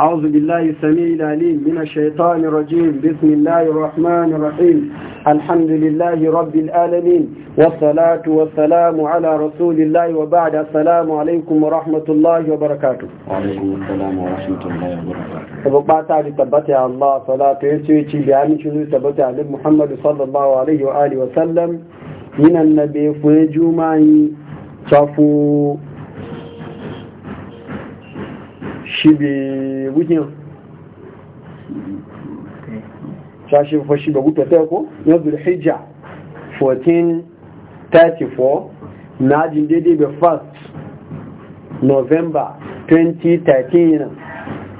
أعوذ بالله السميع العليم من الشيطان الرجيم بسم الله الرحمن الرحيم الحمد لله رب العالمين والصلاة والسلام على رسول الله وبعد السلام عليكم ورحمة الله وبركاته وعليكم السلام ورحمة الله وبركاته وبعد تعالي الله صلاة يسويتي بعامل شنو تبتع محمد صلى الله عليه وآله وسلم من النبي فنجو معي صفو shibe wikin shashi fa shibe guto ta ko na da hijja 1434 na jin daidai be 1 november 2013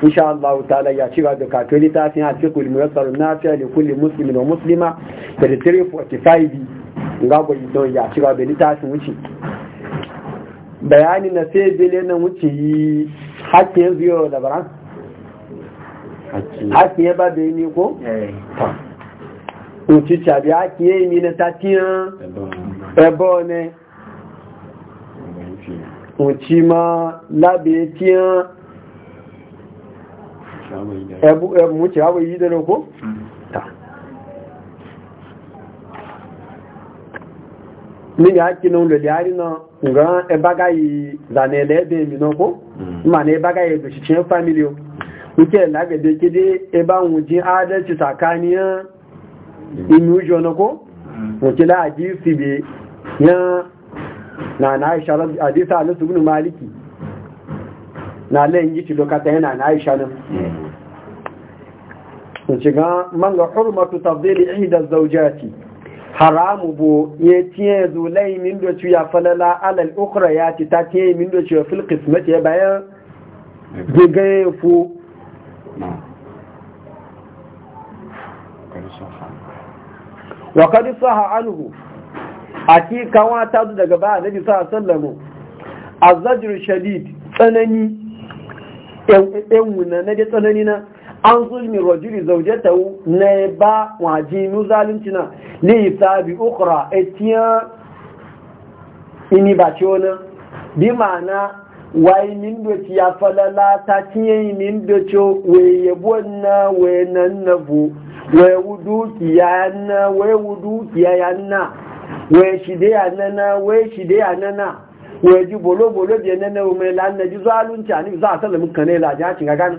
insha Allah ta'ala ya ci da katoli ta fi hati kulli muyassar nafi'a li kulli muslimin wa muslima da 345 ngabo don ya ci gaba da littafin wuce bayani na sai bele na wuce yi haƙƙi yanzu yau da bara haƙƙi ya ba da yi ko? Eh. ta cabi haƙƙi ya yi na tatiyan ne ma labe tiyan ẹbú ẹbú yi da ko? Mm. mini haki na ulo liyari na nga ebaga yi zanele ebe mi na ko ma mm. na ebaga yi doshi cin na o nke lagade kede eba wujin adalci tsakaniyan inu ujo na ko nke la hadisi mm. mm. bi ya na na aisha hadisa alisu bin maliki na len yi ci lokata yana na aisha nan nke ga man ga hurmatu tafdili ihda zawjati haramu bo ya tiye zulai min do ya falala alal ukra ya ti ta tiye min do ya fil qismati ya bayan gigaye fu wa qad saha anhu aki kawa ta daga ba nabi sallallahu alaihi wasallam shadid tsanani en wuna na da tsanani na an zulmi rajuli zaujatahu na ba wajinu zalimcina li sabi ukra etiya ini ba ce wani bi ma'ana wai min doci ya falala ta ciye min doci wai yabo na wai nan na bu wai wudu ya na wai wudu ki ya na wai shide ya na na wai shide ya na na wai ji bolo bolo biya na na wai mai lan na ji zalunci a ni za a salamin kanela a jihacin gagana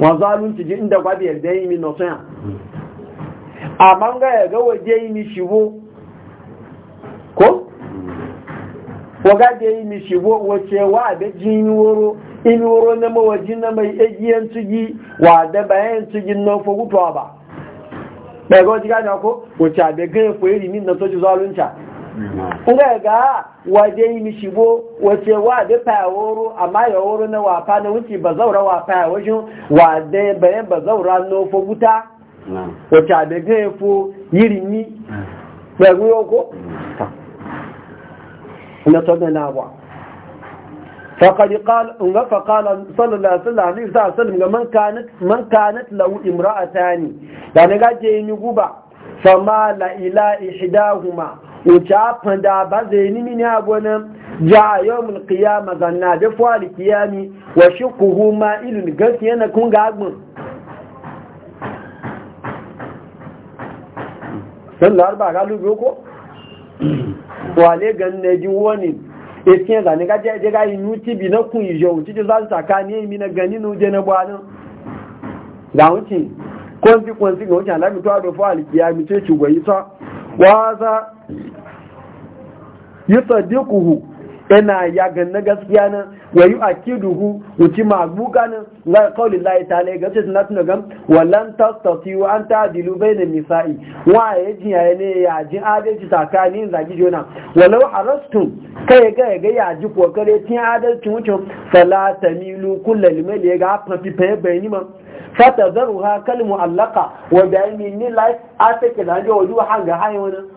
wọn zalunci ji inda gwabi yarda yi min nasuya amma ga ya ga waje yi mi ko waga da yi mi shigo wace wa da jini woro in woro na mawaji na mai e egiyan tugi wa da bayan tugin nan fa gutuwa ba bai ga wajen gani ko wace abin gani ko iri min na soji zalunca nga ga waje yi shigo wace wa da fayaworo amma ya woro na wafa na wuce ba zaura wa fayawashin wa da bayan ba zaura na wuta wace a daga ya fo yiri ni ɗagu yau ko? na tsoga na ba فقد قال فقال صلى الله عليه وسلم عليه الصلاه والسلام من كانت من كانت له امراتان يعني جاء ينغبا فما لا اله احداهما wuce fanda ba zai nimi ne a gonan ja a yau mulkiya mazanna da fuwa da kiyami wa shi kuhu na ga lubi wale gan na ji wani etin zane ga je ga inu ti na kun ijo wuce ji zan saka ni na gani na je na bwana ga wuce kwanzi kwanzi ga wuce alabi da fuwa kiyami ce ci ta yi sadiquhu yana ya ganna gaskiya nan wa yi akiduhu wuci magbuka nan ga kawli lai ta lai gaske suna suna gam wallan tattati wa an ta dilu bai na misa'i wa ya ji ya ne ya ji adalci tsakanin zagi jona walau arastun kai ga ya ga ya ji kokare tin adalci salata milu kullal mai ya ga fafi fa bayani ma fata zaruha kalmu allaka wa bayani ni lai a take da ga waju hanga hayi wannan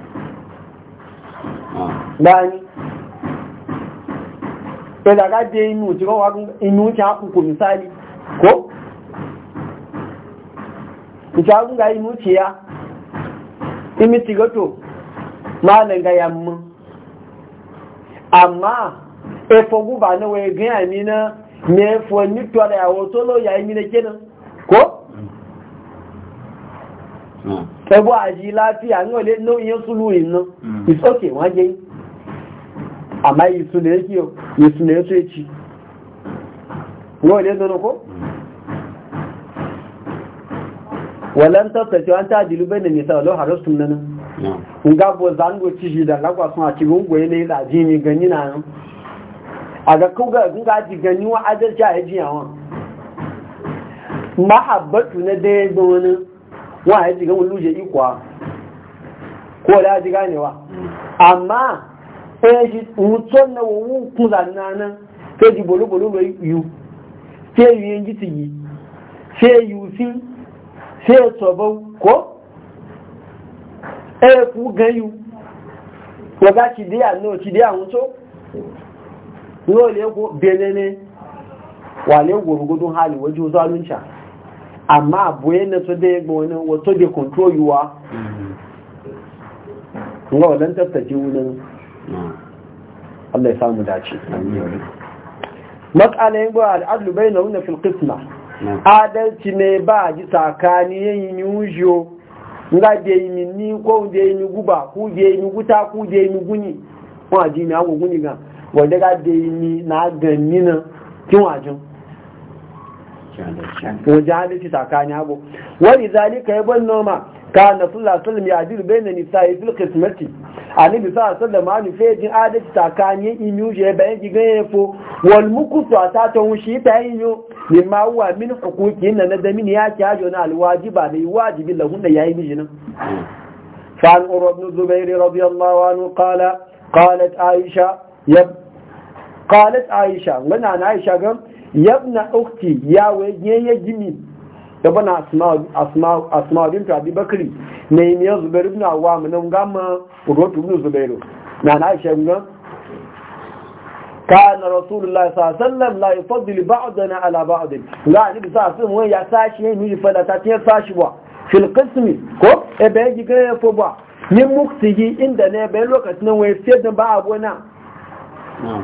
báyìí ẹ̀dàgá dé inú tí wọ́n wá inú tí a kùkù misali ko ìtàgùn ga inú tí ya imi tigoto malin ga yamma amma efo guba na wai gina mi na mefo nituwa da yawo tolo ya yi mi na ko? ẹgbọ́ àjí láfíà ní ọ̀lẹ́ ní oyin súlù iná ìsókè mm. wọ́n jẹ́ àmá ìsúlẹ̀ èkì ọ̀ ìsúlẹ̀ ètò èkì ní ọ̀lẹ́ nínú kó wọ̀lẹ́ ń wọ́n tàbí lú bẹ́ẹ̀ nìta ọ̀lọ́ harrison nínú na a na wọ́n ya ti gẹ́wọ́n lóye ikọ̀ a kó ọ̀dá ti gáà níwá àmá ẹ̀yẹ́jì òótọ́ náà owó kún lànàánà kéjì bòlóbòló lọ yíu tí èyí ẹ̀yí ti yìí tí èyí sí tí ètọ̀bọ̀ kó ẹ̀kú gan yíu lọ́gá ti dé àná ti dé àwọn tó ní ó lè kó bẹ̀rẹ̀ wà wa gbòrògbòdó hàn ìwọ́jú ọzọ́ alúnṣà amma abu yana su da ya wani wato da control yuwa kuma wadan tattace wunan Allah ya samu dace matsalayin gwa al'adu bai na wuna filkisma adalci ne ba a ji tsakani yayin yujiyo nga da yi ni ni ko da yi ni guba ko da yi ni guta ko da yi ni guni kuma ji na guni ga wanda ga da yi ni na ganni na kin wajen wajen halitta tsakanin abu wani zalika ya ban noma ka na sallah sulmi a jiru bai na nisa ya filka kismati a nabi sallah sallam a nufi ya jin adalci tsakanin inu ya bayan gigan ya fo wal muku su a tatan wushi ta yin yo ne ma wa min hukuki na na damin ya ki hajo na alwaji ba da yi wajibi lahun da ya yi mijinin. fa'an urwa ibn zubairi radiyallahu anhu qala qalat aisha ya qalat aisha wannan aisha gan yabna ukti ya waye ya gimi da bana asma asma asma'u bint abi bakri ne ne zubair ibn awam nan gama rotu ibn zubairu na na aisha ngan kana rasulullahi sallallahu alaihi wasallam la yufaddil ba'dana ala ba'd la ni sa sun wai ya sashi ni fada ta tiyar sashi ba fil qismi ko e bai giga ya fo ba ni gi inda ne be lokacin wai sai da ba abona na'am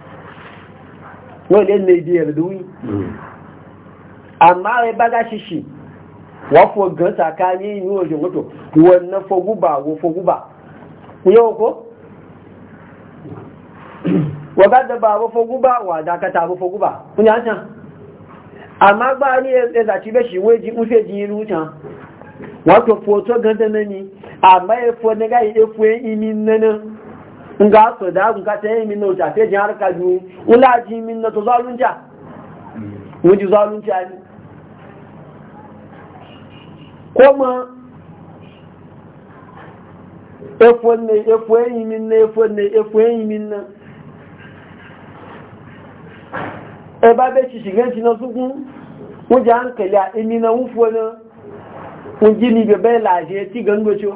wọ́n lè lè di ẹ̀rù lórí àmá rẹ bá dáṣíṣì wọ́n fò gan sàká ní inú òjò mọ́tò wọ́n ná fogúbà wọ́n fogúbà yóò kó wọ́n bá dẹ̀bà wọ́n fogúbà wà dákàtà wọ́n fogúbà ní àṣà àmá gbá ní ẹ̀dà tí bẹ́ ṣìwé fẹ́ jí irú tán wọ́n tó fò tó gan tẹ́lẹ́ ni àmá ẹ̀fọ́ nígbà ẹ̀fọ́ ẹ̀yìn nẹ́nà nga so da kun ka tayi min nauta te jin harka ju ula ji min na to ja? mun mm. ji ja ni kuma efon ne efon e yi min na efon ne efon e e yi min na e ba be ci shigen ci na sukun mun ji hankali a imi na wufo na mun ji ni be bai laje ti gangocho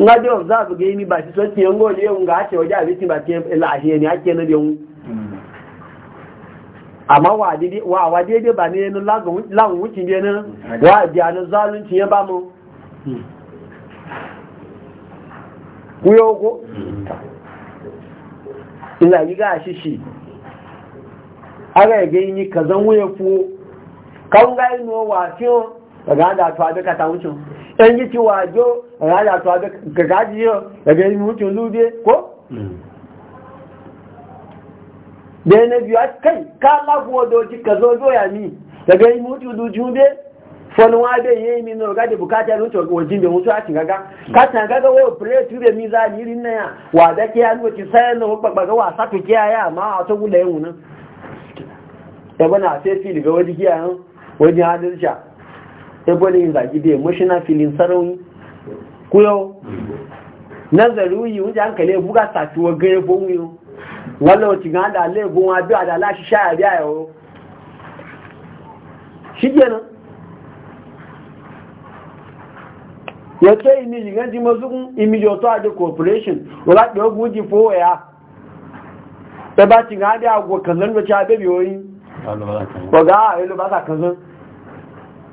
nga de observe ga imi ba shi so tiyan go le nga ate oja abi tin ba tiyan la he ni ake na de un amma wa didi wa dede ba ne no lagun lagun wuci na wa bi an zalunci ya ba mu kuyo ko ina yi ga shi aga ga yimi kazan wuya fu kan ga ino wa fiyo daga da to abi ka ta ɗan yi wa jo rada to ga gajiyar daga yi mutum lube ko? da yana biyu a kai ka lafuwa doji ka zo doya ni daga yi mutum lujun be fanuwa bai yi yi min na rugade bukata rutu wajen da mutu a cin gaga ka cin gaga wai opere tube mi za a yirin na ya wa da ke hannu ci sayar na babbaga wasa to ke yaya? ma a ta gula yin wunan ya bana sai fili ga wajen kiyayen wajen hannun sha ebole yin zaki da emotional feeling sarauni kuyo nazari yi wuce hankali buga satuwa gaya bon yi wala wacce ga da laifin wa biya a lashi sha ya biya yawo shi yi yàtọ̀ ìní ìgbẹ́ tí mo súnkún ìmìyàtọ̀ àjẹ́ corporation wọ́lápẹ̀ ogun jí fówẹ̀ ya ẹbá ti rán àdẹ́ àgbò kànlẹ́ ní ọjọ́ a orí ọ̀gá ẹlòbátà kànlẹ́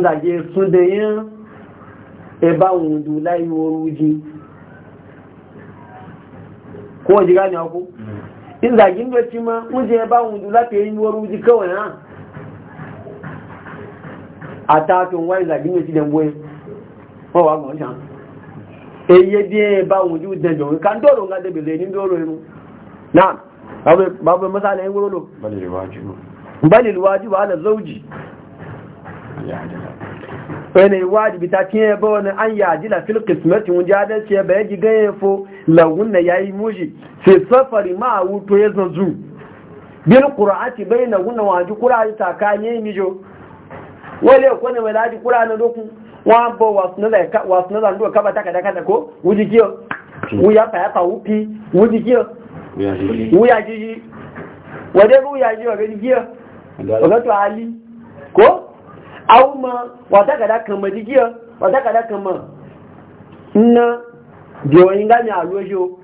nga je sunde yin e wundu lai woruji ko ji gani ku in mm. zagin doci ma wuje ba wundu lafi yin woruji kawai ha a tatun wani zagin doci da mboye wọ́n wà gbọ́n ṣan eye bí ẹ ba wundu dẹjọ ká ń dọ̀rọ̀ nga dẹbi lè ní dọ̀rọ̀ inú náà babu masala yin wúrò lò bá lè wájú bá lè zauji wani wajibi ta cinye ba wani an yaji da fil kismati wun ji adalci ba ya ji ganye fo lagun na ya yi mushi sai safari ma a wuto ya zanzu bil qur'ati bayna gunna wa ta qur'ani takanye mi jo wale ko ne wala ji qur'ani doku wa bo wasna da ka wasna da ndo ka ba taka da kada ko wuji kiyo ya fa ya fa wupi wuji kiyo wuya ji wade wuya ji wa ga ji kiyo wa to ali ko aw ma wata kada kama digiya wata kada kama na gami a lojo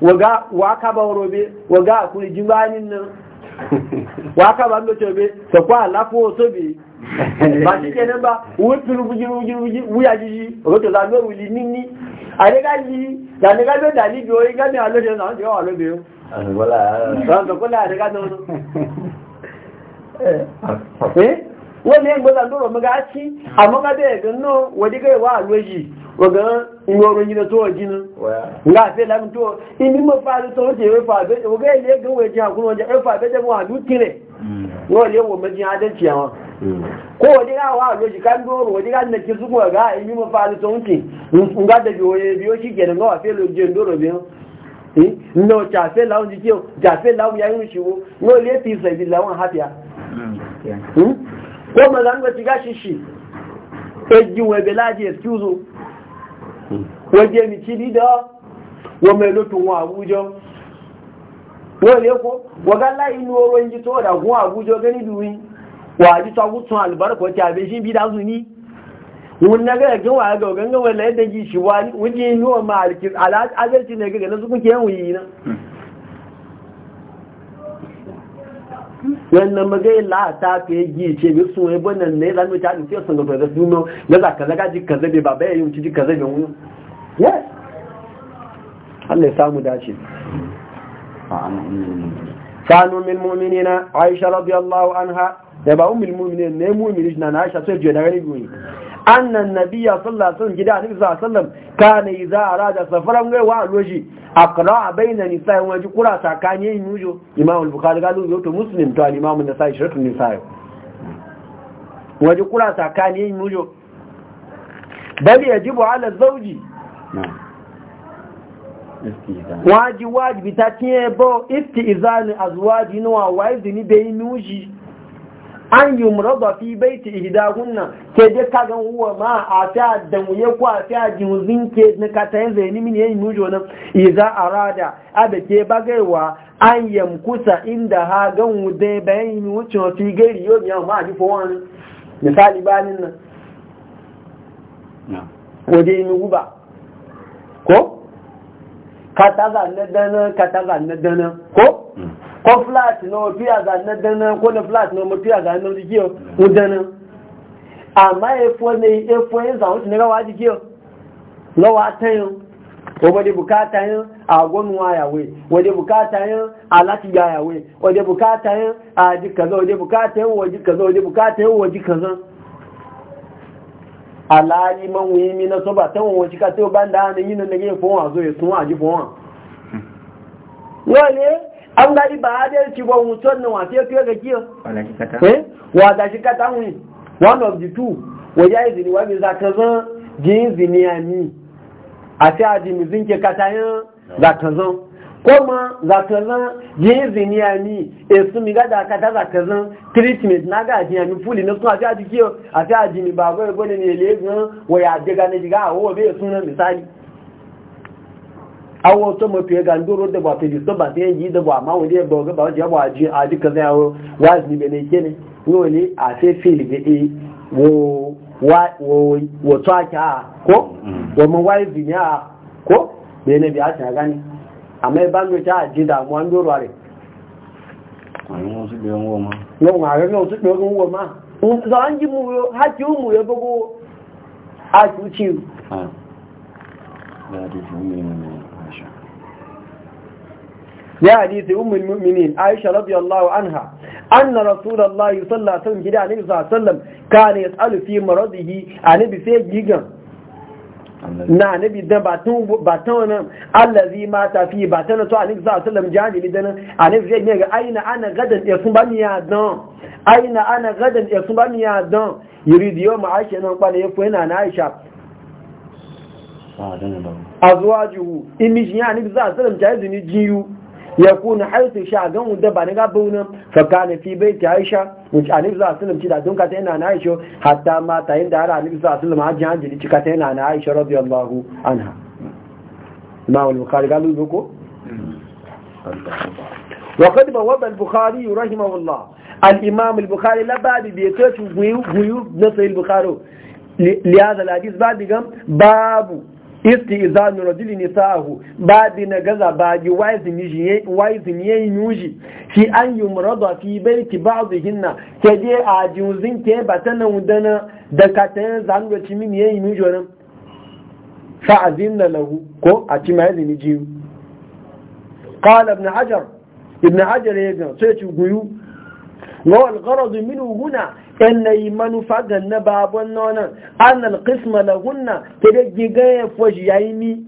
waga waka ba robe waga akuni jimbanin nan waka ba ndo tobe so kwa lafo so bi ba shi kenan ba wuti rubuji rubuji rubuji wuya jiji roto za no wuli nini ale ga yi da ne ga do a na ndo Eh? wọ́n ní ẹgbẹ́ ìlànà ọ̀rọ̀ mọ́gá tí àmọ́gádẹ́ ẹ̀gẹ́ náà wọ́dígẹ́ ìwà àlóyì ọ̀gán ìwọ̀ orin tó ọ̀jínú ńlá àti ìlànà inú mọ́ fàájú tó hmm. hmm. ń tẹ̀ ẹ̀fà àbẹ́jẹ́ ọ̀gá ilé ẹgbẹ́ ìjìn wa ga ya Hmm? ko ma zan gwaci gashi shi ejin webe laji excuse hmm. waje ni ci da wa mai lutun wa abuja wọle ko waga layi ni oro yin ji to da gun abuja gani duwi wa ji to gutun albarko ti abe shi bi da su ni wun na ga ga wa ga ga ga wala da shi ni ma ala na su kun ke yi wannan magai la ta fi yi ce bi sun yi bonan ne zamu ta ni sai sun ga da su no ga za kaza ji kaza be baba ya yi ji kaza be mu yes Allah ya samu dace sanu min mu'minina Aisha radiyallahu anha da ba umul mu'minin ne mu'minin na Aisha sai je da gani goyi annan nabiyya sallallahu alaihi wasallam gida annabi sallam alaihi wasallam kana idza arada safaran gai wa alwaji aqra baina nisa'i waje kura sakani yin nujo imam al-bukhari galu yo to muslim to al-imam an-nasa'i shiratu nisa'i waji kura sakani yin nujo bal yajibu ala zawji waji wajibi ta tiye bo isti izani azwaji nuwa wa izini bayin nuji an yi muraba fi baiti ihdahunna ke je ka ga uwa ma a ta damuye ko a ta jinzin ke na ka ta yanzu ni min yayin mujo nan idza arada abe ke bagaiwa an yam kusa inda ha gan wude bayan wucin fi gari yau ya ma ji fowan misali banin nan waje ni guba ko ka ta zanna dana ka ta zanna dana ko hmm. ko flat na wafi a na dana ko na flat na wafi a na rikiyo ko dana amma efo ne efo yin zanen ne gawa rikiyo gawa ta yin ko wadda bukata yin a gonuwa yawe wadda bukata yin a latiga yawe wadda bukata yin a kaza. jikaza wadda bukata yin waji kaza wadda bukata yin waji kaza alali man wuyi mi na ba, ta wawaci ka ta yi ban da hannun yi na nage fowon a zo ya sun waji fowon wale hmm. an gari ba ba mutum nan wa fiye fiye ga kiyo wa eh? da shi kata hui one of the two wa ya yi zini wani zaka zan jin zini a ni a sai a jimi zinke kata yin zaka zan kuma zaka zan jin zini a mi e su mi gada kata zaka zan treatment na ga jin ami fuli na suna a sai a ji kiyo a sai jimi ba gwai gwai ne ne le zan wa ya daga na jiga a wo bai suna misali awo to mo pe ga ndoro de ba pe so ba te yi de ba ma wo de bo ga ba je ba a di kan wo wa ni be ne ke wo ni a se feel e wo wa wo wo to a ka ko mm. wo mo wa bi e ni a ko be ne bi a ta ga ni ba ta da mo ndoro re ngo si be ngo ma ngo ma za mu yo ha ji mu yo bo go a ku ha di يا حديث أم المؤمنين عائشة رضي الله عنها أن رسول الله صلى الله عليه وسلم جدا النبي صلى الله عليه وسلم كان يسأل في مرضه عن بسيء جيجا na nabi da batun wani allazi mata fi batun to a nabi sallallahu alaihi jani lidan a nabi zai ne ga aina ana gadan ya sun ba mi yadan aina ana gadan ya sun ba mi yadan yuridiyo ma aisha nan kwana ya fi yana na aisha azwajuhu imi mijin ya nabi sallallahu alaihi wasallam jayi jiyu ya kuna haitu sha gan wanda ba ni gabu nan fa kana bai ta aisha in annabi sallallahu alaihi wasallam ci da don ka tana na aisha hatta ma ta inda har annabi sallallahu alaihi wasallam hajji hajji ci ka tana na aisha radiyallahu anha ma wal bukhari galu boko وقد بوب البخاري رحمه bukari الإمام البخاري لا بعد بيتوش na نصر البخاري لهذا الحديث بعد قام babu. isti izanu rajuli nisa'ahu babi na gaza bagi waizin yayi nuji shi an yumrada fi baiti ba'dihinna ke a juzin ke batana udana da katan zanu ci min yayi yuji wannan fa azinna lahu ko a ci mai zini ji qala ibn hajar ibn hajar ya sai ci guyu wa al gharad minhu huna yi manufa ga na babon nonon an alkisma da hunna ta da giga ya fashi ya yi ni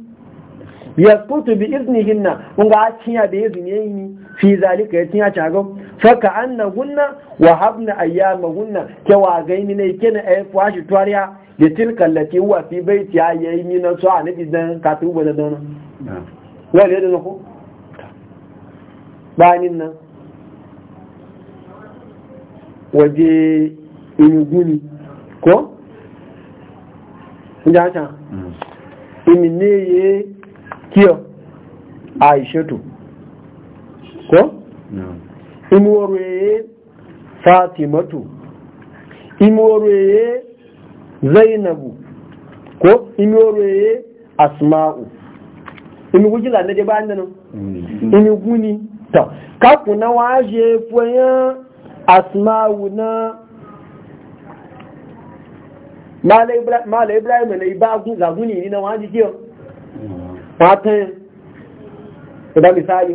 ya kutu bi izini hinna kunga a cinya da izini ya yi ni fi zalika ya cinya cago faka an na hunna wa habna ayyama hunna ke wa gaini ne ke na ya fashi tuwariya da tilkan ke wa fi ya yi ni na su a nabi katu ba da dona waje imi guri ko? inda haka imi ne ya kiyo ko? imi waro ya fatimatu imi waro ya zainabu ko imi waro ya asma'u imi gujila na dai bayan da nan imi guni ta na waje fuyen asma'u na mala ibrahim na iba agun zaguni ni na wọn jí kíọ pàtàkì ìdá misali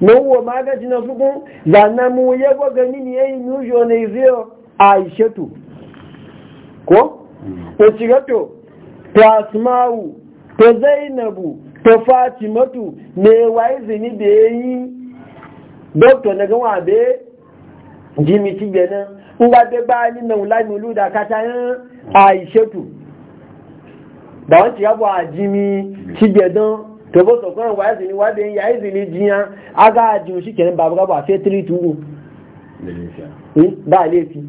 na wọ magaji na fukun zana mu yẹ gbọga nini yẹ ni ujo na izio a iṣetu ko? o hmm. cigato to asma'u to zainabu to fatimatu ne wa izini da ya yi doktor na gawa da jimiti benin nga be ba ni na wula eh, mi luda ka ta yin aishetu da wanci ya bu ajimi cibedan to bo so kan wa izini wa be ya izini jiya aga ajimi shi kenan babu gaba fe 3 tuwo hmm, ba lefi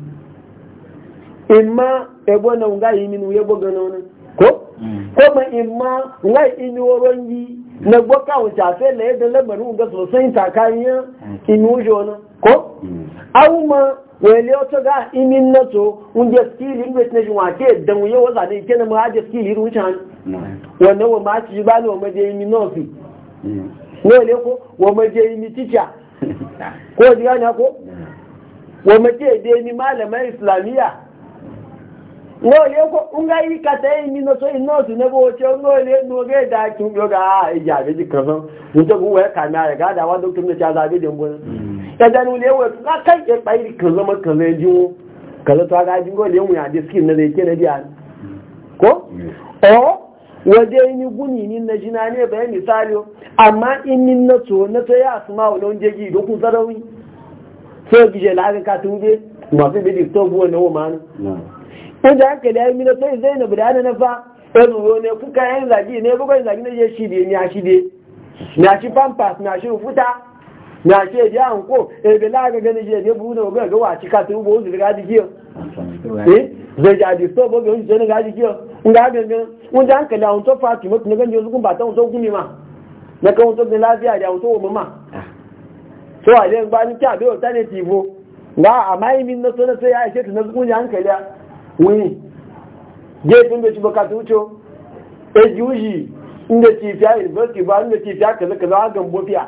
imma ebo na nga yi minu yebo gano ne ko hmm. ko ma imma nga ini orongi na gboka wuta fe le e da lamarin ga sosai takayen hmm. inu jona ko awu ma wele oto ga imin na so un je skili in bet na jin wake dan wuye waza ne kenan mu haje skili ru chan wannan wa ma ci ba lo ma je imin no fi mm. wele ko wa ma je imin teacher ko diga na ko wa ma je de ni malama islamiya wele ko un ga yi ka ta imin no so in no su ne bo ce un wele no ga da ah, ki yo ga ja be ji kan so mun to ku wa ka na ga da wa doktor ne ta zabe den bon mm. ẹ̀dẹ̀nu ilé wẹ̀ tó ká ìjẹ́ pa ìrì kan lọ́mọ kan lẹ́ jí wọn kẹlẹ́ tó aga jí wọ́n lé wọn àdé skin na lè jẹ́ náà bí ni kó ọ́ wọ́n dé ní gúnì ní Amma ní ni na sáré o àmá ìní nàtò nàtò yà àtúmá ò ló ń jẹ́ yìí ìdókun sọ́dọ̀ wí tó gìjẹ̀ láàrin ká tó ń gbé màá fi bèèrè tó bú ọ̀nà wọn máa ń. ó jẹ́ àkẹlẹ́ ẹ̀mí lọ sẹ́yìn sẹ́yìn nàbẹ̀rẹ̀ á nana fa ẹnu wo ne kúkà ẹ̀ ń zàgì ní ẹgbẹ́gbẹ́ ìzàgì ní ẹ̀yẹ ṣìdè ní àṣìdè ní pampas ní shi òfúta na ke biya hanko ebe eh, laga gani je ne ga ga tu bo ga eh zai di so bo ne ga nga ga ga kala ba ta gumi ma na ka lafiya da mu ma so a ba ni ta ta ne nga amai min na so na sai ya ce ya kala wuni je tun be ci tu cho e juji inda ci fiya e ba inda ci fiya kaza kaza ga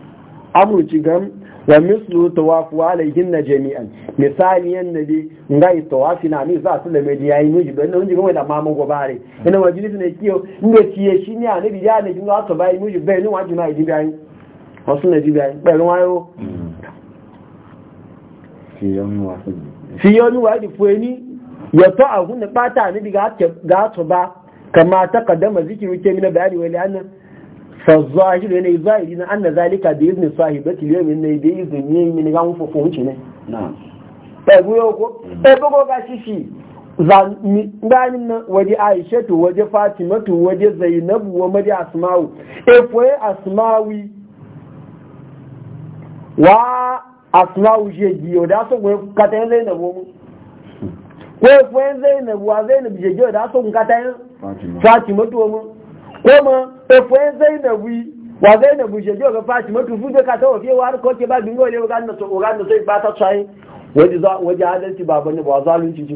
amurci gam wa mislu tawafu alayhin na jami'an misali yanda dai nga yi tawafi na mi za su da mai yayi miji ban nan jigan da mamu gobare ina majalis ne kiyo inda kiye shi ne anabi ya ne jinga to bai miji bai ne waju na idi bai wasu na idi bai bai wayo fi yoni wa di fueni ya to a hunne bata ne ga to ba kamar ta kaddama zikiri ke mina bayani wani annan فالظاهر يعني ظاهر أن ذلك بإذن صاحبته اليوم إنه بإذن يمين غام ففهمش نعم ɗagu yau ko? ɗagu ko ga shi shi ganin nan waje aishatu waje fatimatu waje zainabu wa maje asma'u efoye asma'u wa asma'u je da so kun katayin zainabu mu ko efoye zainabu kuma efe zainabu wa zainabu je jo ga fatima tu fuje ka tawo fiye har ko ba bingo le ga na to ga na sai ba ta tsayi waje adalci ba bane ba zalunci ji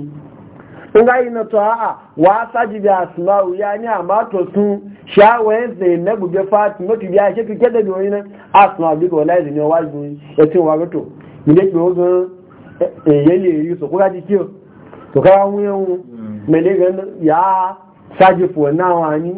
in ga yi na to a'a wa saji bi asma'u ya ni amma to su zai zainabu bi fatima matu biya shi kike da doyi nan asma bi ko wani ne wa ju ya tin wa ga to ni ne ko ga e, e, yele yi so ko ga ji kiyo to ka mu yau mm. mele ga ya ji fuwa na wani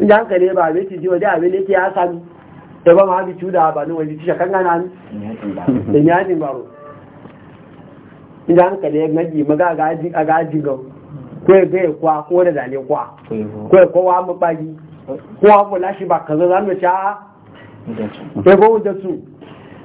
in kare ba abin ci ji waje abin da ke ya sami da ba ma bi cuda ba ni wani tisha kan gana ni da yajin baro in ji hankali ya gaji maga a gaji ga. ko ya gaya kwa ko da zane kwa ko ya kowa bagi. ko mu lashi ba kaza za mu ci a ya da su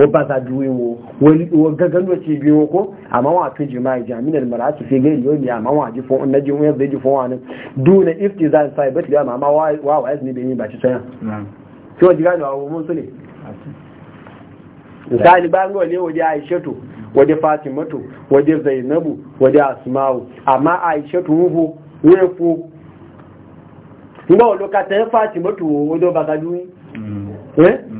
wa ba za duwe wo wa gagan da ce biyo ko amma wa fi jima'i jami'ar mara'atu fi gani yau ne amma wa ji fon na ji wani zai ji fon wani duna ifti za sai bat ya amma wa wa ne bai yi ba ci tsaya ki wa jiga da wa mun ne misali ba ngo ne waje aishatu waje fatimatu waje zainabu waje asma'u amma aishatu hu ne fu ngo lokata fatimatu waje bagaduyi mm. eh mm.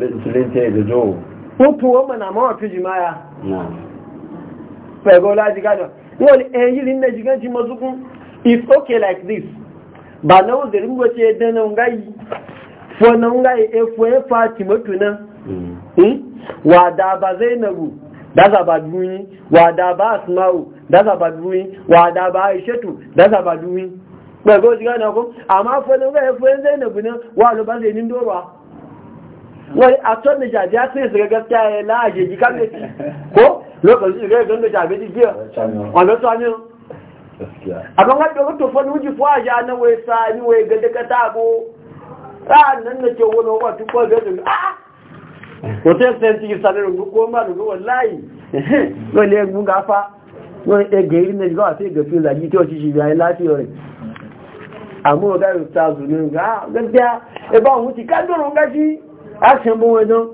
lẹ́tẹ̀ ìdòdó ó tún wọ́n mọ̀ ya pẹ̀gọ́ láti gádọ̀ wọ́n ni ẹ̀yìn rí mẹ́jì gẹ́ ti it's okay like this bà náà zèrè ń gbọ́tí ẹdẹ́ náà ń gáyì fọ́nà ń gáyì efo zainabu dáza ba wa wà dáàbà asmau dáza ba dúnyí wà dáàbà aishatu dáza ba dúnyí pẹ̀gọ́ ti gádọ̀ kó àmá fọ́nà ń efo zainabu na, wà lọ bá zè wai a can da shafi ya sai su ga gaskiya ya la'ashe ji kan ko lokacin da ga da shafi ji biya wanda su hannu abin wadda wato fa nuji fuwa ya na wai sani wai ga daga tabo sa'an nan na ke wani wata ko ga daga a hotel sai ci sa da rungu ko ma rungu wallahi wani ya gunga fa wani ya ga irin da ga sai ga fi zagi to shi ya yi lafiya amma ga ta zuni ga gaskiya e ba mu ti kan doro gashi action bó wọn dán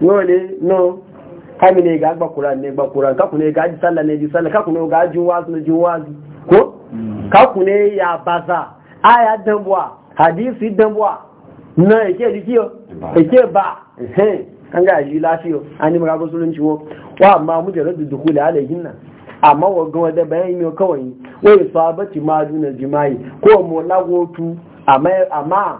wọ́n lè náà káàmì ní ìgá gbàkúrà ní na káàkùn ní ìgá jísàlà ní jísàlà káàkùn ní ìgá jíwáàzù ní jíwáàzù kó hmm. káàkùn ní ìyà bàzà áyà dánbọ́à hadisi dánbọ́à náà èké ìdíkíọ́ èké bà ẹ̀hẹ́n a ní mara gọ́sọ́lọ́ ní wọ́n wà máa mú jẹ̀rọ dùdùkú lẹ́ alẹ́ yìí náà àmọ́ wọ́n gan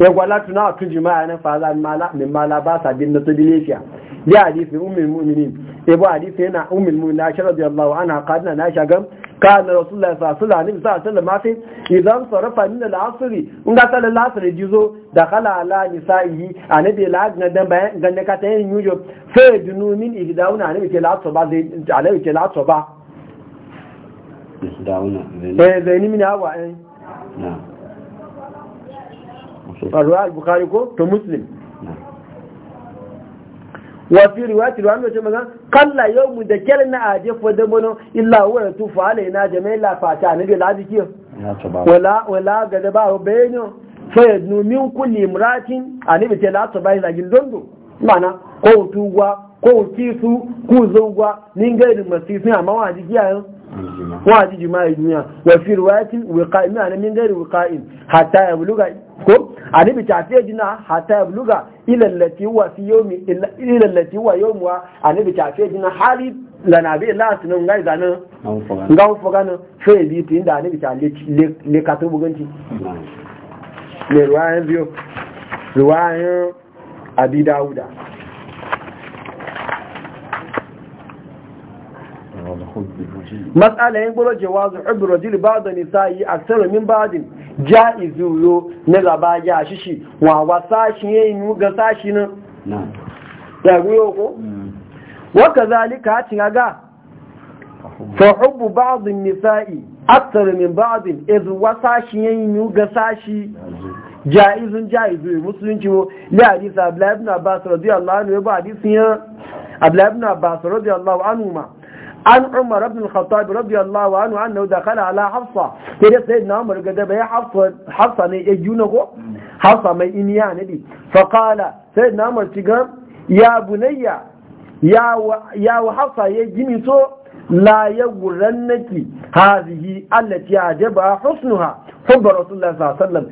ya gwala tuna a tun jima'a na faza min mala ba sa bin na ta bilefiya ya hadisi ummin mu'minin ya ba hadisi yana ummin mu'minin na shirar da Allah ana kadina na shagam kana rasulullah sallallahu sa a ma fi idan sarafa min al-asr in ga ta al-asr jizo da kala ala nisa'i anabi la na dan bayan ganne ka ta yin yujo fa dunu min ihdauna anabi ke la ba zai anabi ke la ba ihdauna eh zai ni min hawa eh. arwa al-bukhari ko to muslim wa fi riwayati ruwan wace maza kalla yau mu da kyar na aje fa da illa huwa ya tufa alaina jama'a fata ne da laziki wala wala ga da ba bayano fa yadnu min kulli imratin anibi ta la tabai la gildondo mana ko tuwa ko kisu ku zogwa nin ga da amma wa ji kiyaye wa ji jima'i duniya wa fi riwayatin wiqa'in min ga riwaqa'in hatta ya buluga ko anabi ta fiye jina hata ya buluga ilallati wa fi yawmi ilallati wa yawmuwa anabi ta fiye jina hali lanabi la sunan ngai zanan ngau gani fe bi tin da nibi ta le le kato buganci le ruwayan biyo ruwayan abi dauda matsala yin gbọ́rọ̀ jẹwa zu ọgbọ̀rọ̀ rajuli ba da nisa yi a tsaromin ba badin ja izuro na gaba ya shishi wa wasa shi ya yi nuga sashi nan ya guyo ko waka zalika hacin aga fa hubbu ba'dhin nisa'i akthar min ba'dhin idh ya yayin nuga sashi jaizun jaizu musulunci mo ya hadisi abdullahi ibn abbas radiyallahu anhu ba hadisi ya abdullahi ibn abbas radiyallahu anu ma an umar ibn al-khattab radiyallahu anhu annahu dakhala ala hafsa sai sayyidina umar ga da bai hafsa hafsa ne ya juna ko hafsa mai iniya ne bi fa qala sayyidina umar tiga ya bunayya ya ya hafsa ya gimi so la yagurannaki hadhihi allati ajaba husnuha hubba rasulullah sallallahu alaihi wasallam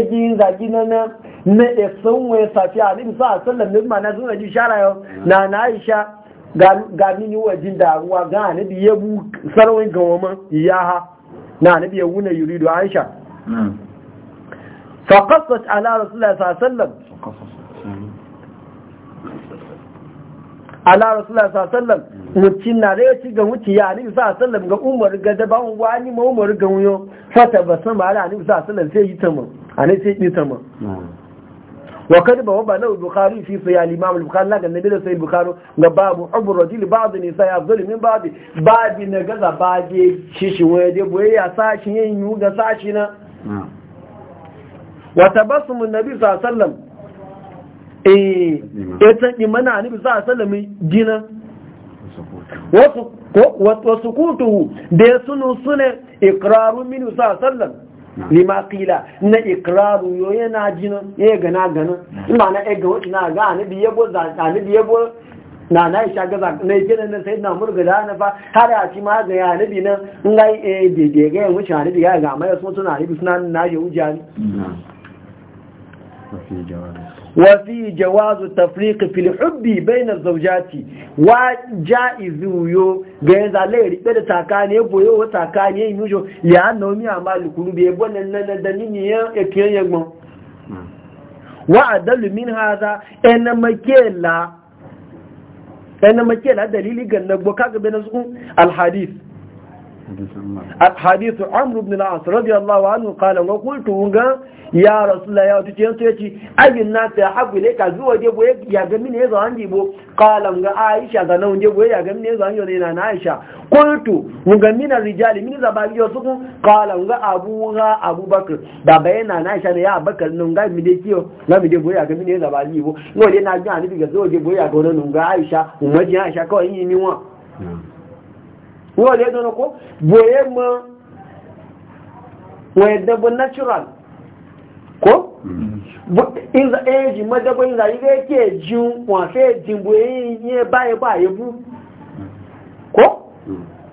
ejin zagi na na esun we safiya ni sallallahu alaihi wasallam ne ma na zuwa ji shara na na aisha ga mini wajen daruwa ga anabi ya bu sarwin gawaman ha na anabi ya wuna yuridu aisha faƙasas ala rasulullah sallallahu ala rasulullah sallallahu mutum na rai ci ga wuci ya anabi sallallahu ga umar ga daban wani ma umar ga wuyo fata ba ala anabi sallallahu sai yi tamar anabi sai yi tamar wa kad ba wabana al-bukhari fi al-imam al-bukhari laga nabi da sahih al-bukhari ga babu hubbu rajul nisa ya afdalu min ba'd babi na gaza baje waje boye ya sashi yin yu ga sashi na wa tabassum an-nabi sallallahu alaihi wasallam eh ita imana annabi sallallahu alaihi wasallam gina wasu da sunu min sallallahu alaihi wasallam lima kila na ikraru yo yana jinan ya gana gana ina na ga wata na ga anabi yabo za anabi yabo na na isha ga na gina na sai na murga da na fa har ya ci ma ga ya anabi nan in ga eh ga ya wuce anabi ya ga mai sun suna anabi suna na ya wuja ni na fi jawabi wa fi jawazu tafriq fil hubbi bayna zawjati wa ja'izu yo gayan za le ri da takani e boyo wa takani e nujo li anno mi amal kulubi e bon nan nan da nini ya e ti en yagbon wa adal min hada enama kela enama kela dalili ga na ka ga be na su al hadithu amru ibn al-as radiyallahu anhu qala wa qultu unga ya rasulullah ya tuce yanzu yace ajin na ta habu ne ka zuwa je boye ya ga mine yazo an dibo qala unga aisha ga nan je boye ya ga mine yazo an yone na aisha qultu unga mina rijali min za ba yo suku qala unga abu ga abubakar da bayana na aisha ne ya abakar nan ga mi de kiyo na mi de boye ya ga mine yazo ba libo no de na ga ni ga zo je boye ya ga nan unga aisha umma ji aisha ko yin ni wa wọ́n lè ko kó bóyé mọ́ wọ́n ẹ̀dẹ́gbọ́ natural kó ẹ̀yìn mọ́dẹ́gbọ́ ìlà ilé kí è jíun wọ́n fẹ́ dìbò ẹ̀yìn yẹ báyẹ̀ báyẹ̀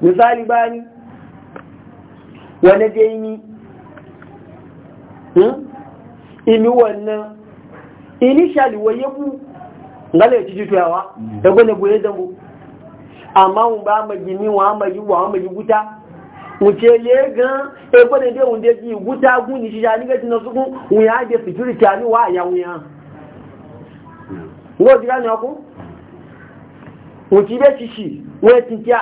misali mm-hmm. bá ní wọ́n lẹ́dẹ́ ìní hmm? ìní wọ́n náà initially wọ́n yẹ bú ngálẹ̀ ìtìjú tó yà amma un ba ma wa ma yi wa yi guta wuce le gan e ko ji guta gun ni shija ni ga tin su gun un security ani wa ya un ya wo diga ko un ti be shishi wo tin kya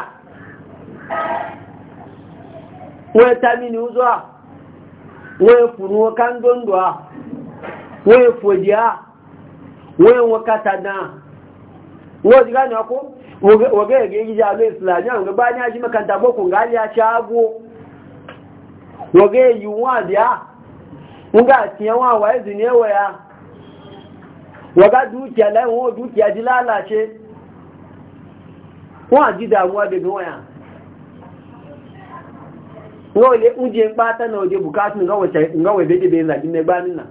wo ta mi ni uzo wo furu kan don do wo fodia wo wakata ko waga ya gani jami'ai islamiyya wanga bayan ya shi makanta boko nga ga ya shago e, waga ya yi wa biya wanga a ciyan wa waye zune waya waga dukiya layin wa dukiya ji lalace wa ji damuwa daga waya wale uje bata na waje bukatun ga wace ga waje da bai zaki mai banin nan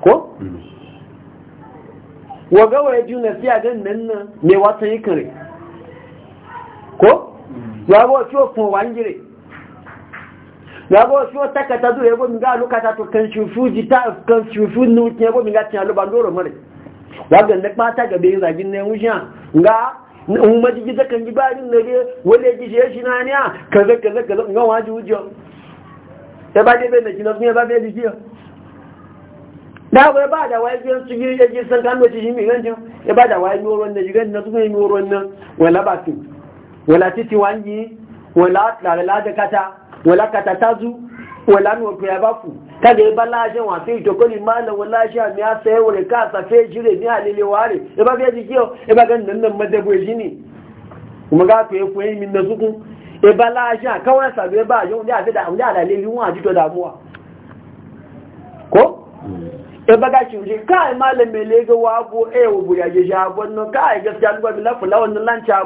ko waga waye juna siya ganin nan ne wata yi kare ko yabo shi ko wangire yabo shi o takata dure yabo mi ga lokata to kan shufu jita kan shufu nu ke yabo mi ga tin alu bandoro mare wagan ne pata ga be zagin ne wujan ga in majigi zakan ji bayanin na ne wale ji shi shi na ne kaza kaza kaza ga waji wujo ya e ba dai bai na kilo ne ba bai ji kiyo da bai ba da wai biyan su giri ya e ji san kan da shi mi ganjo ya e ba da wai mi ruwan da jigan na su mi ruwan nan wala ba su wala titi wangi wala lalala da kata wala kata tazu wala nu ko ya bafu kaga e bala je wa fi to ko ni mala wala je mi a sai wala ka sa fe jire ni alele ware e ba be jiyo e ba ga nan nan madabo jini kuma ga to e ko yi min na suku e bala je ka wa sa be ba yo ni a da ni alele won a jito damuwa ko mm. ya baga shi wuce kai malami ne ga wabo eh wabo ya je ja bonno kai gaskiya duba bi lafu lawan nan lan cha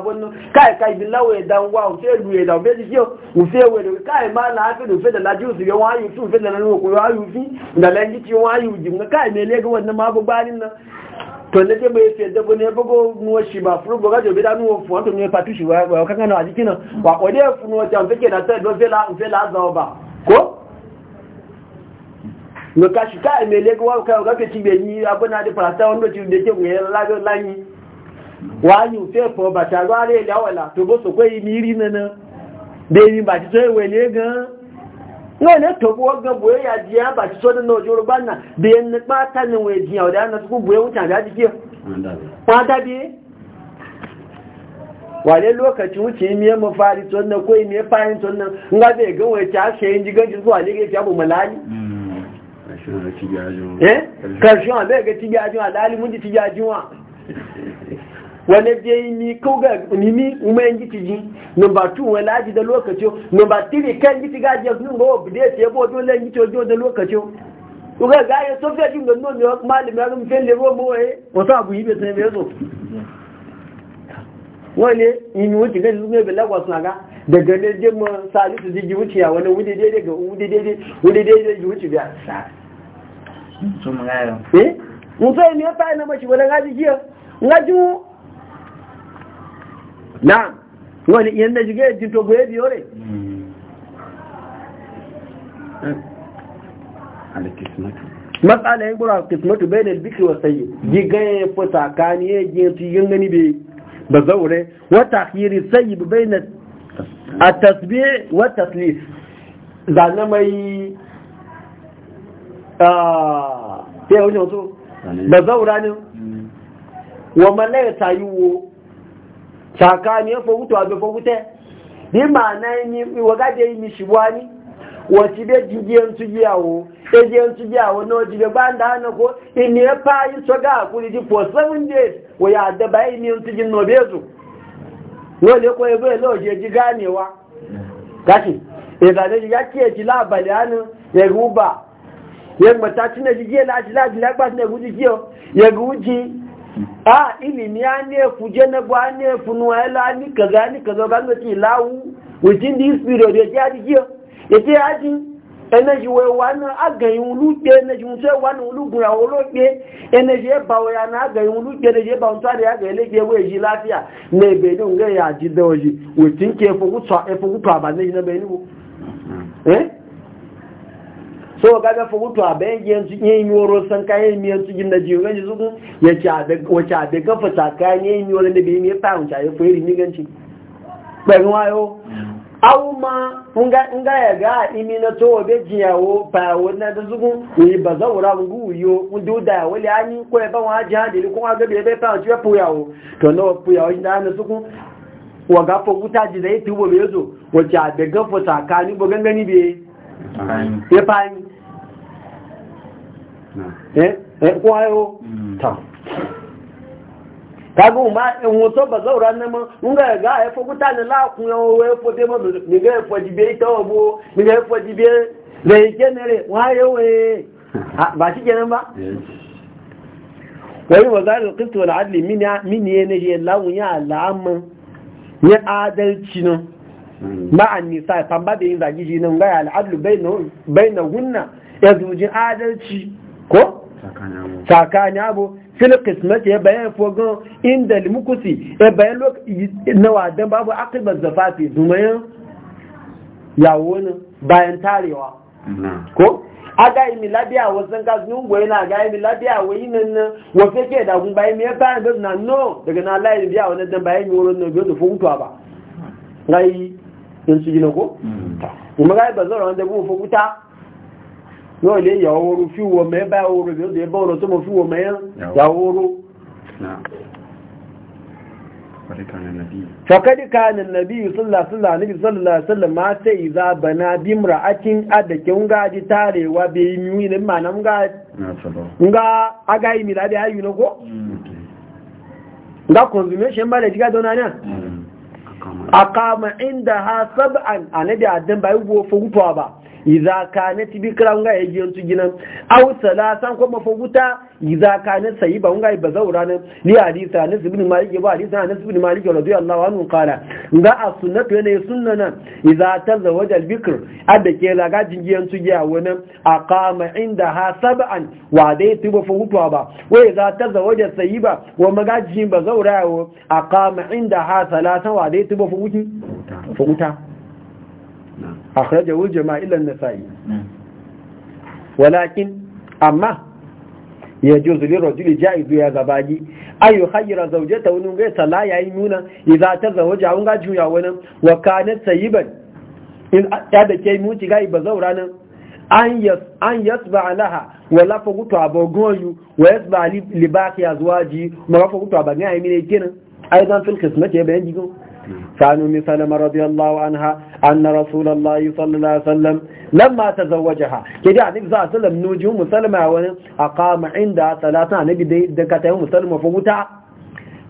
kai kai bi lawo ya dan wa ufe du ya dan bezi yo ufe we do kai mala ha da ufe da la jusu ya wa yu ufe da nan ko wa yu fi da lan ji ti wa yu kai me le ga wannan ma bu banin nan to ne je bai fe da bo ne bugo nuwa shi ba furu ga jo da nuwa fu to ne patu shi wa wa ko de jan fe ke ta do fe ba ko no ka shi kai me lego wa kawo ga ci be yi abuna da fata wanda ci da ke mu yi lago lanyi wa yu fe fo ba ta ga le la wala to bo so ko yi ni na nana be ni ba ti so e we gan no ne to bo gan bo ya di ya ba ti so da no jo na be ni pa ta ni we di ya o da na su bo e wuta da di ke wa bi Wale lokacin wuce miye mafari tsohon na ko miye fayin tsohon na nga zai gan wai ta shi yin jigan jisu a lege ta bu malali Eh? karshen abai ga tigajin alalimin ji tigajin wa wani je ni nimi nomba 2 wani da lokaci nomba 3 kan giti gaji ya ta yabo don lan giti da lokaci uga ga sofiya jin da nomi wa malimi lebo mawaye wasu abu yi bai sai zo wuce gani zuwa bai ga salisu ji wuce ya wani wuce daidai ga wuce daidai wuce daidai ji wuce biya eh mutu ni ya fa'ina mashi wani ngaji jiya ngaji mu na wani iya na shiga jin jinto goye biyo re hmm. matsala ya gura kismatu bai da bikir wasa yi gigayen ya fi tsakani ya yi yin gani bai ba zaure wata hiri sai bai na a tasbe wata taslis zane mai tí ẹ̀ oúnjẹ tó bẹ̀zọ́wùrá ní wọ́n mọ́ lẹ́yìn tàyíwò ṣàkà ní ẹ́ fowútò àgbẹ̀ fowútẹ́ bí màá náà ní ìwọ̀gáde ìmì ṣìwá ní wọ́n ti bẹ́ jíjẹ́ ń tújú àwọ̀ ẹjẹ́ ń tújú àwọ̀ náà pa for seven days wọ́n yẹn gbọ̀ta tí náà jíjẹ́ láti láti lágbàtí náà gújí kí ọ yẹ̀gù jí a ilimi a ní ẹ̀fù jẹ́ nẹ́gbọ́ a ní ẹ̀fù nù ẹ̀lá ní kẹ̀gá ní kẹ̀gá ọba ní ti ìláwú within this period ẹ̀jẹ̀ àti ọ ẹ̀jẹ̀ àti ẹnẹ́jì wọ ẹwà náà agẹ̀yìn olùgbé ẹnẹ́jì wọn tó ẹwà náà ẹnẹ́jì so ga ga fugutu a bayan yanzu yin yoro san kayan miyan su da jiyo ganji su ya ci wace a da gafa tsakayen yin yoro da bai mai fahimci a ya fahimci ni ganci ɓarin wayo awu ma nga ya ga imi na to be jiyawo ba wona da zugun yi ba zaura ngu yo ndu da wali ko ba wa ja de ko ga be be ta ju pu yawo to no pu ina na zugun wa ga fo guta ji da yi tubo be zo wa ja de ga fo ta bo gangani be ya eh eh kwayo mm. ta kago ma en ba zaura nan mun nga ga e fo guta na la kun yo we fo de mo mi ga fo di be to bo mi ga wa yo we ba shi kenan ba wani wazar da kristo da adli mini ya nashi lawun ya al'amman ya adalci nan ma'an mm. nisa famba da yin zagi shi nan gaya al'adlu bai na wunna ya zujin adalci ko tsakani abu fil qismati ya bayan fogon inda limukusi ya bayan na wadan babu aqibar zafafi zumayen yawo ne bayan tarewa ko aga imi labiya wasan ka sun goyi na aga imi labiya yi nan nan wasu ke da kun bayan ya bayan da na no daga na layi biya wani dan bayan yi wurin nan da fukutuwa ba ngai in su gina ko mm. kuma ga ba da wanda bu fukuta yóò lè yà oru wọ mẹ́ bá oru bí ó dẹ̀ bọ́ tó mọ̀ wọ mẹ́ yà oru fakadi kanin nabi sallallahu alaihi wasallam sai iza bana bimra akin adakin gaji tarewa bai yi ne ma nan ga ga aga yi miladi ayu na ko ga consumption ba da jiga dona ne aqama indaha sab'an anabi adan bai go ba idza kanat bikra nga yaji yantu ginan aw salasan ko mafuguta idza kanat sayiba nga ba zaurana ni hadisa anas ibn malik ba hadisa anas ibn malik wa nun kala nga as-sunnatu ne sunnana idza tazawaja al-bikr adda ke la ga jingi yantu a wani aqama indaha sab'an wa dai tuba fugutuwa ba wa idza ta sayiba wa magajin ba zaurawo aqama ha salasan wa dai tuba fa wuta. akhrajahu al-jama'a ila an-nasa'i walakin amma يجوز للرجل جائز يا زباجي أي خير زوجته ونغي صلاة يعينون إذا تزوج عنها ba ونم وكانت سيبا إن هذا كي موتي غاي بزورانا أن يسبع لها a فقط أبوغوي ويسبع لباقي أزواجي ya فقط أبوغوي من أيضا في القسمة bayan جيكم فعن أم سلمة رضي الله عنها أن رسول الله صلى الله عليه وسلم لما تزوجها كده عن إبزاء سلم نوجه مسلمة أقام عندها ثلاثة نبي دكته مسلمة فمتع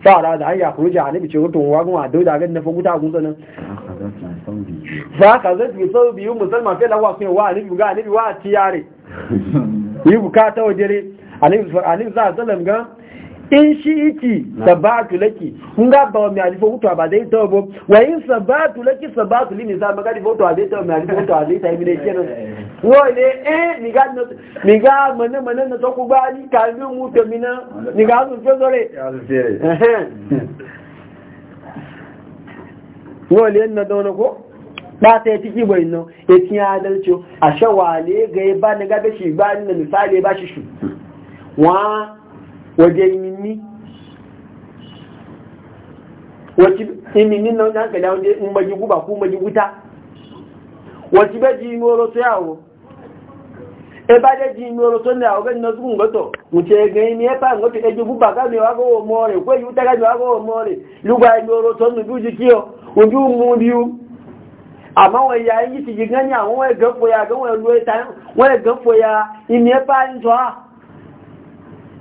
فأراد أن يخرج عن نبي شغلته وواقم عدود عقد نفمتع قلت فأخذت بصوبه مسلمة في الأواقف وعنبي وعنبي وعنبي تياري يبكاته وجري عن إبزاء سلم قام in shi iki sabatu laki kun ga ba mai alifo mutuwa ba zai tawo ba wa in sabatu laki sabatu lini za maga alifo mutuwa zai tawo mai alifo mutuwa zai tawo mai kenan eh. wole eh ni ga mana mana na to ku ba ni ka ni mu to mina ni ga su so zore wole na dona ko ba ta yi ciki bai nan ya ci adalci a shawale ga ya ba ni ga da shi ba ni na misali ba shi shi wa waje imini wace imini na wajen hankali wajen in maji guba ko maji wuta wace bai ji noro to yawo e ba da ji noro to na ogan na zugun goto muce ga ni e pa ngoto e guba ga mi wa go more ko yuta ga mi wa go more lugba noro to nu duji kiyo ojú mú bí àmọ́ wọ́n ya yìí ti yìí gán ní àwọn ẹ̀gán fòyà gán wọ́n ẹ̀gán fòyà ìní ẹ̀fà ń tọ́ à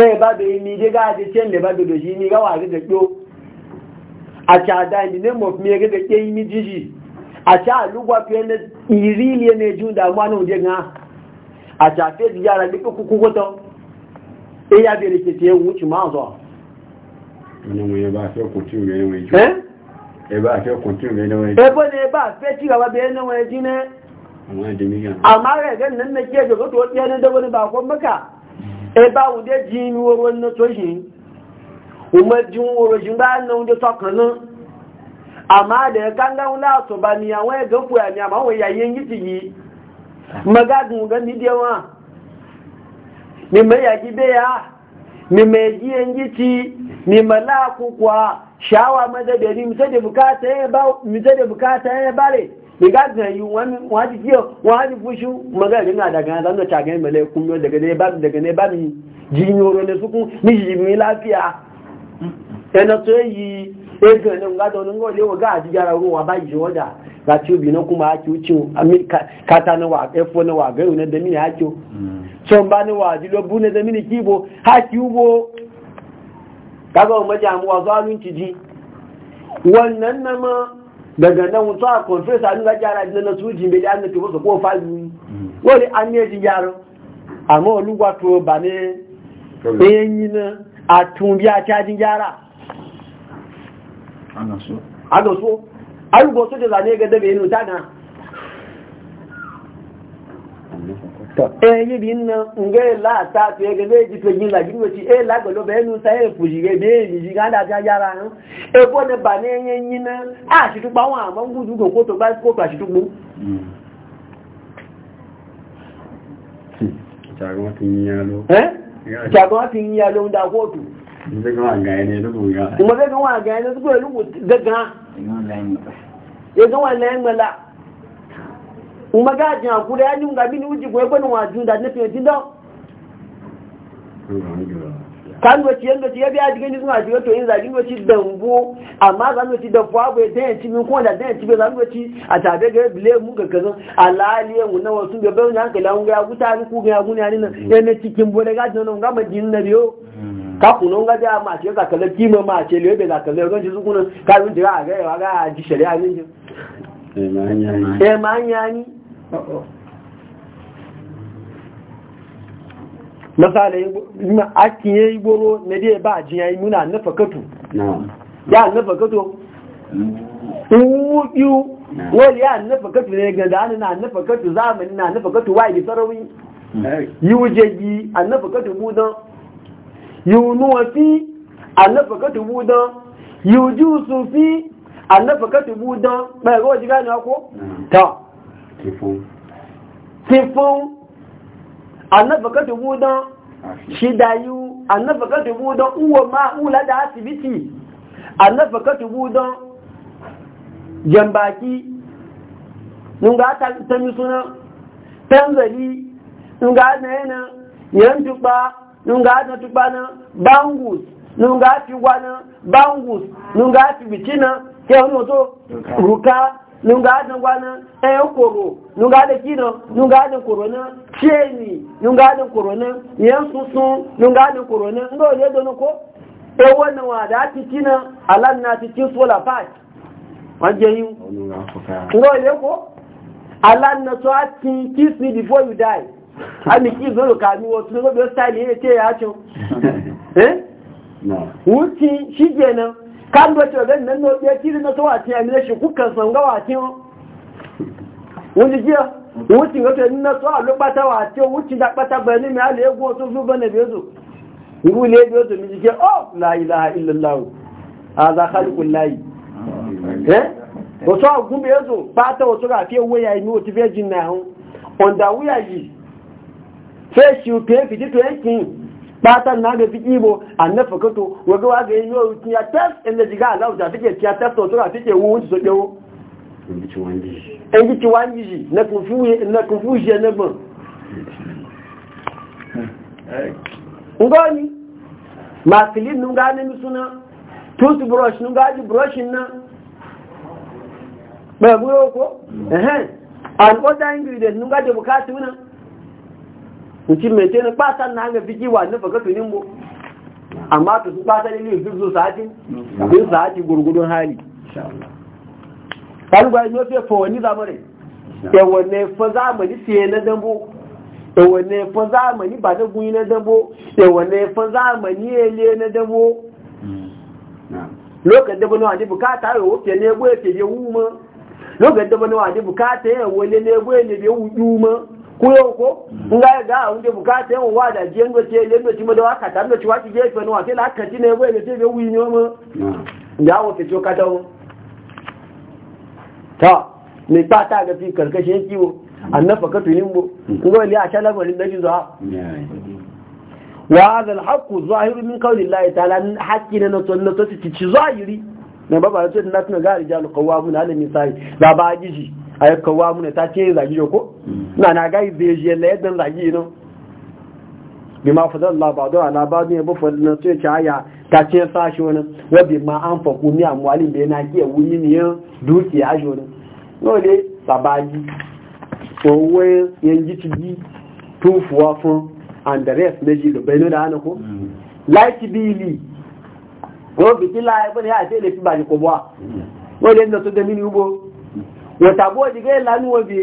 sai ba da yi mi ga da cin ne ba da doji mi ga wa ga kyo a cha da ni ne mo mi ga ke yi mi jiji a cha lugwa pe ne irili ne ju da mu anu de nga a cha fe di yara bi ku e ya be ke te wu ma zo ni ba fe ku ti ngai we ju e ba ju e bo ne e ba fe ti ga ba be ne we ji ne amma ga ga nan ne ke ga to ne da wani ba ko maka ẹbá òdé jí inú oró iná tó yìí òmọ jí oró yìí bá ń náwó tọkàn náà àmà àdẹ̀ káńgáwó láàtọ̀ bá àwọn ẹ̀gẹ́ fò àmì àmáwọn ìyá yẹn yìí ti yìí magagùn gan ní díẹ̀ wọn mímọ ìyàjí bẹ́ẹ̀ yá mímọ èjì yẹn yìí ti mímọ láàkùkù à ṣáwà mẹ́tẹ̀ẹ̀dẹ̀ ni? mísẹ́dẹ̀ bukata ẹ̀ bá rẹ̀ daga zai wani jiyo wani fushi magana na daga zan da cagayen male kuma daga ne ba daga ne ba jinyoro ne suku mi yana to yi ego ne nga don ngo lewo ga ji gara na kuma aki uci amerika kata daga nan wuta a confess a nuna gyara jina na suji mai da annabi wasu ko fali wani an yi ji gyara amma olugwa to ba ne ɗayan eh, yi na a tumbi a cajin gyara a ga so a yi gosu zane ga dabe yi nuta na ẹ̀yìn bí nà ǹgẹ́ láàtà àti e méjì tó yìn làjú ló ti ẹ̀ lágbẹ̀lọ́ bẹ̀ẹ́ nù sáyẹ̀ fòṣìgẹ́ bí èyí yìí ká dàbí ayára rán epo ní bà ní ẹyẹ yín ná àṣìtúpa wọn àmọ́ ń gúdú kò tó bá kó tó àṣìtúpó. ìṣàgbọ́n ti yín yá ló. ìṣàgbọ́n ti yín yá ló ń da kóòtù. ìṣẹ́gun àgàyẹ́ ni olókùnrin rà. ìmọ̀ṣẹ́gun àgàyẹ́ ni olókùnrin rà. umagaji akure yani ungamini uji kwekwe nwajunda nepe tindo kanwe chiendo chiyebi adigeni zwa chiyo to inza ginwe chi dambu amma zanwe chi da fabwe den chi min den chi be zanwe chi atabe ge mu ga alali en wannan wasu be be nan kala unga guta ni ku ga gunya ni ne ne cikin mm. ga jono nga ma na biyo ka kuno nga da ma ce ka kala kima ma ce le be da kala ron ji zukuna ka run ga ga ji shari'a ni je eh ma ma misali akin ya yi goro na dai ba a jiya yi muna nufa kato ya nufa kato wuɗiyu wani ya nufa kato ne ganda hannu na nufa kato zamani na nufa kato wa yi sarawi yi wuje yi a nufa kato budan yi nuwa fi a nufa kato budan yi wuju su fi a nufa kato budan bai ga wajen ganewa ko? ta tifun tifun annabi ka dubu don shidayu annabi ka dubu don uwa ma'ula da asibiti annabi ka dubu don jambaki nga ta tami suna tanzali nga na yana yan tuba nga na tuba na bangus nga fi gwana bangus nga fi bicina ke wani wato ruka nunga da gwana ɗaya koro nunga da kino nunga da korona sheni nunga da korona yan susu nunga da korona ndo ole don ko e wannan wa da ci kina alan na ci cin sola fat waje yi ndo ole ko alan na so ati kiss me before you die ami ki zo ka mi wo tun be style ye te ya cho eh no wuti shi kenan kan da cewa zai nan ya tiri na tawa ce a mila shi kukan sanga wa ce wani jiya wucin ga tunanin na tawa lubata wa ce wucin da bata bayani mai ala ya gowa sun zuba na biyo su ibu ne biyo su miji ke oh layi ilaha illallah eh? a za khalikun layi eh wasu a gumbe ya zo fata wasu ga fiye waya yi wata fiye jin na yawon wanda wuya yi sai shi fiye fiti to yankin batan na ga fiki bo annafa kato waga waga yin yau kiya tas inda jiga Allah ta take kiya tas to tura take wuwun su dawo en ji ciwanji ji na kufuye na kufuye na ban ngoni makilin nun ga ne suna tooth brush nun ga ji brushin na ba ko eh an oda ingredient nun ga da bukatu na mutum mai tenu ɓasa na hanga fiki wa nufa ka tunin mu amma to su ɓasa ne ne su sa'atin bin sa'atin gurgudun hali kalugba yi mafi fa wani zamani yawane fa zamani fiye na dambo yawane fa zamani ba na gunyi na dambo yawane fa zamani ele na dambo lokacin da bani wani bukata ya wuce ne gwe ke ya wuma lokacin da bani wani bukata ya wale ne gwe ne ya wuce ma kuyo ko nga ga hunde bukata yan wa da jengo te lendo timo madawa ka tambe ti waki je fe no wa la ka ti ne go ne te be wi nyo mo ya o ke joka dawo ta ni ta ta ga fi karkashin kiwo annafa ka tunin bo ngo li a shala bo da ji zuwa wa hadha al-haqq zahiru min qawli Allah ta'ala an haqqina na sunnatu ci zahiri na baba ya ce na tuna ga rijalu qawwamun ala nisa'i baba giji ayyukan wa muna ta ce zagi ko na na gai zai je la yadda yi no bi ma fadal Allah ba ala ba ne sai ce aya ta ce shi wani wa bi ma an fa kuni amwalin da yana ke wuni ne dukiya jona no le sabaji owó yẹnjí ti yí tó fòwá fún and the rest méjì lò bẹ̀rẹ̀ náà nìkú láìsí bí ilì wọ́n fi tí láàá ẹgbẹ́ ni fi bàjì kò bọ́ à wọ́n lè ń lọ tó dẹ̀mí wàtàbọ̀ ìdígé ìlànà òbí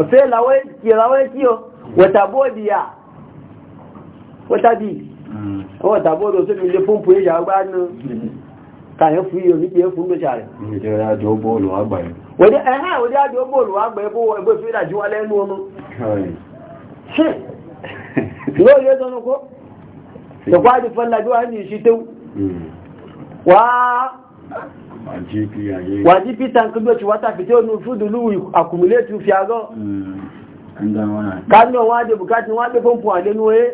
ọ̀fẹ́ ìlàwọ́ ẹ̀kí ọ wàtàbọ̀ ìdíyà wàtàbí wàtàbọ̀ ìdọ̀ tó nílé fún pùn ìyà ọgbà náà kàyẹ fún iyọ̀ nípe fún gbèsà rẹ̀ wọ́n àjọ bọ́ọ̀lù si yìí mm. wọ́n wajibi tankin doci wata fito yau nufi dulu akumuleti fi ago wade bukatun wade famfo a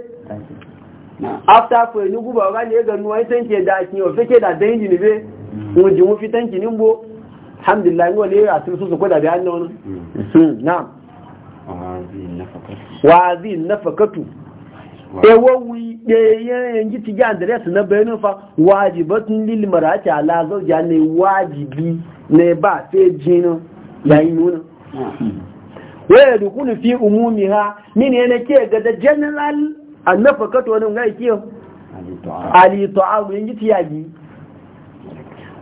after for enugu ba ga nuwa ita da kin yau fake da dan yi ne be hmm. mun hmm, ji mun alhamdulillah ne wale a tulu su ko da bayan na wazi nafakatu ewowi ɗayayen giti ga adres na bayanin fa wajibatun lil marati ala zawja ne wajibi ne ba sai ya yayin nuna hmm. waya dukunu fi umumiha min yana ke ga da general annafakatu wani ga ke ali ta'a yin giti yaji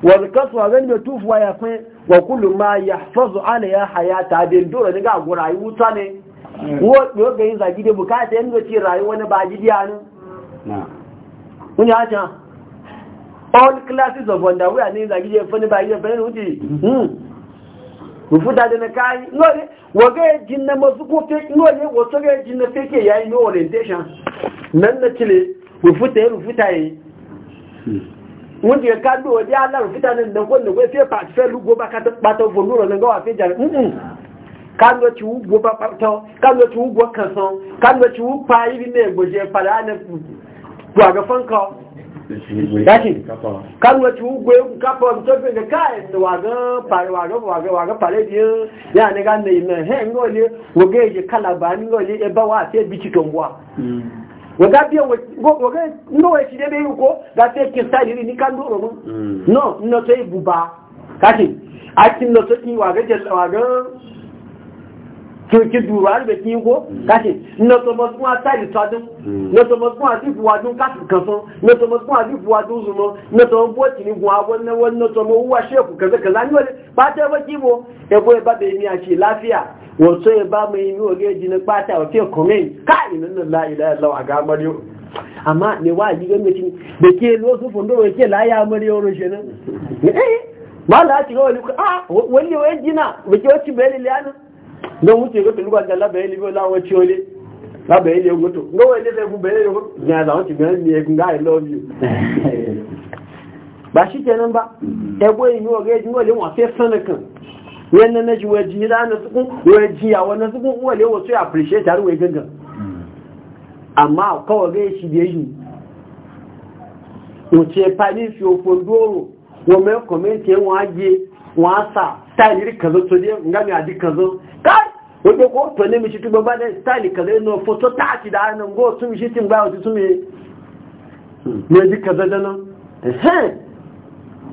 wal kaswa gan da tufu ya fa wa kullu ma yahfazu ala ya hayata bin dole ne ga gurayu wuta ne wo ga yin zagi da bukata yanzu ce rayuwa wani ba gidiya nan kun ya ta all classes of wanda wuya ne zagi da fani ba gidiya fani wuce hmm. rufuta da na kayi nole wa ga jin na masu kofe nole wato ga jin na ya yi no orientation nan na cile rufuta ya rufuta yi wanda hmm. ya kado wa ji ala rufuta nan da kwanne kwai fiye pa fe lugo ba ka ta bata vonuro nan ga wa fe jar hmm, kando ti wu gbo papato kando ti wu gbo kansan kando ti wu pa ibi ne gboje pada ne gbo aga dati kando ti wu gbo egun kapo to fe ka e wa gan pare wa gan wa gan wa gan pare bi e. ya ne ga ne ime he ngo le wo ge je kala ba ni ngo le e ba wa se bi ti to ngwa wo ga bi e wo wo ge e ti de be te ki sa ni ni kando ro mm. no no te buba ati no to e ti wa ge je wa gan kìrìkì dùrù àríbẹ̀ tí ń kó hmm. káṣì nọ́tọmọ́tún àtàlì tọ́dún nọ́tọmọ́tún àti hmm. ìfúwádún káṣì kan fún nọ́tọmọ́tún àti ìfúwádún zùmọ́ nọ́tọmọ́ bóòtì ní gun àwọn náwọ́ nọ́tọmọ́ owó àṣẹ́kù kẹsẹ̀kẹsẹ̀ ní pátá ẹbọ́ kí wo ẹbọ́ ẹbá bẹ̀rẹ̀ ní àṣì láfíà wọ́n tó ẹbá mọ inú ọ̀gẹ́ ìjìnà pátá ọ̀kẹ́ kọ̀mẹ́yìn káàrin nínú láìláì lọ àgá mọ́rí àmá ni wá àjígẹ́ méjì bẹ̀ kí ẹ lóṣù fún ah, wọ́n ti bẹ́ẹ̀ lè don wuce goto lugwa da labaye libo lawon ciole labaye ne goto no wele da ku baye goto ya za wuce ganin ne kun ga i love you ba hmm. shi kenan ba ebo yi wa gaji wale wa sai sanakan yana na ji waji da na suku waji ya wannan suku wale wa sai appreciate har wai ganga amma kawai ga shi da yi wuce pani fi ofondoro wa mai comment yan waje wasa ta yi kazo to ne ngami adi kazo kai wajen ko to ne mishi tuba ba da style kaza ino foto ta ci da hannun go sun mishi tin ba wasu sun yi ne ji kaza da nan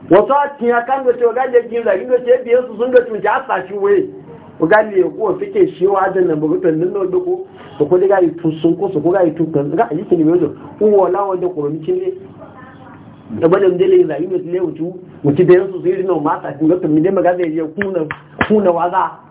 wasu a cikin akan da ce wa gajiyar gini da gini ce biyan su sun ga tunci a sashi waye wa gajiyar ko suke shi wa da nan bugu tun nan da ko to ko daga yi tun sun ko su ko ga yi tun kan ga yi kini wajen uwa lawan da kuromicin ne da bada mu dele da gini ne wuce wuce da yansu su yi rinan mata kun ga tun mi dai magaza ya kuna kuna waza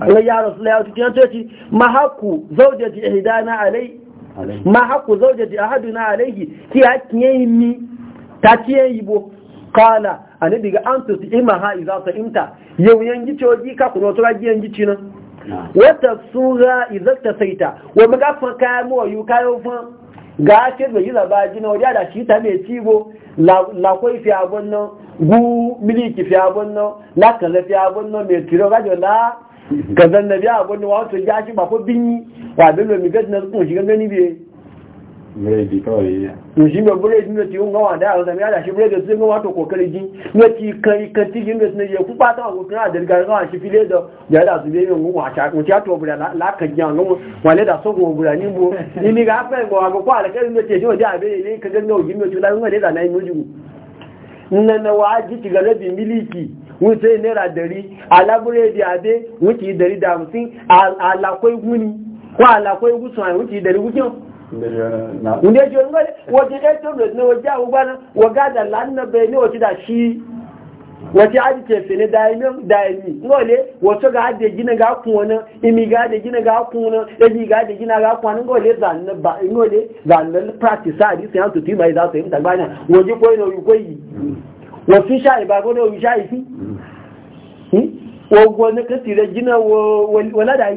Allah ya rasu laya tuki yanzu yace ma haku zaujati ihdana alai ma haku zaujati ahaduna alaihi ki hakiyen mi ta kiyen yibo kala anabi ga antu ima ha idza ta imta yau yangi coji ka kuno to gaji yangi cinan wata sura idza ta saita wa maga fa kayan mu yu kayo fa ga ce zai yi zaba jina wajen da shi ta mai cibo lakwai fi abun nan gu miliki fi abun nan na kaza fi abun nan mai tiro gajo na gazan na biya abun nan wato ya shi ba ko binyi wa bin lomi gajinar su kuma shiga gani biye méjì kọ́ọ̀lì yẹn. òṣìṣẹ́ búrẹ́dì ní ti ń wọ́n àdá àwọn tàbí àdàṣe búrẹ́dì tí wọ́n wá tó kò kéré jí ní ti kan ikan tí yìí ní yẹ fún pátá àwọn òkúrin àdẹ̀lẹ́gàrí náà ṣe fi lé lọ yàrá wa ti bi miliki guni ko Ndị eji onwe wọ́n ẹjọ́ rẹ̀ ní ọjọ́ àwọ́gbáná na gádà da bẹ̀rẹ̀ ní ọjọ́ sí wọ́n ti ájì tẹ̀fẹ̀ ní dáìmí ngọ́ọ̀lẹ́ wọ́n tó ga jìnà gá kún ọ̀nà imi gáàdì jìnà gá kún ọ̀nà ẹjì gáàdì jìnà gá kún ọ̀nà ngọ́ọ̀lẹ́ zanlẹ́ practice àdìsí ma tòtí ìmọ̀ ìdásọ̀ ìmùtàgbáyà wọ́n jí kóyìn fi wala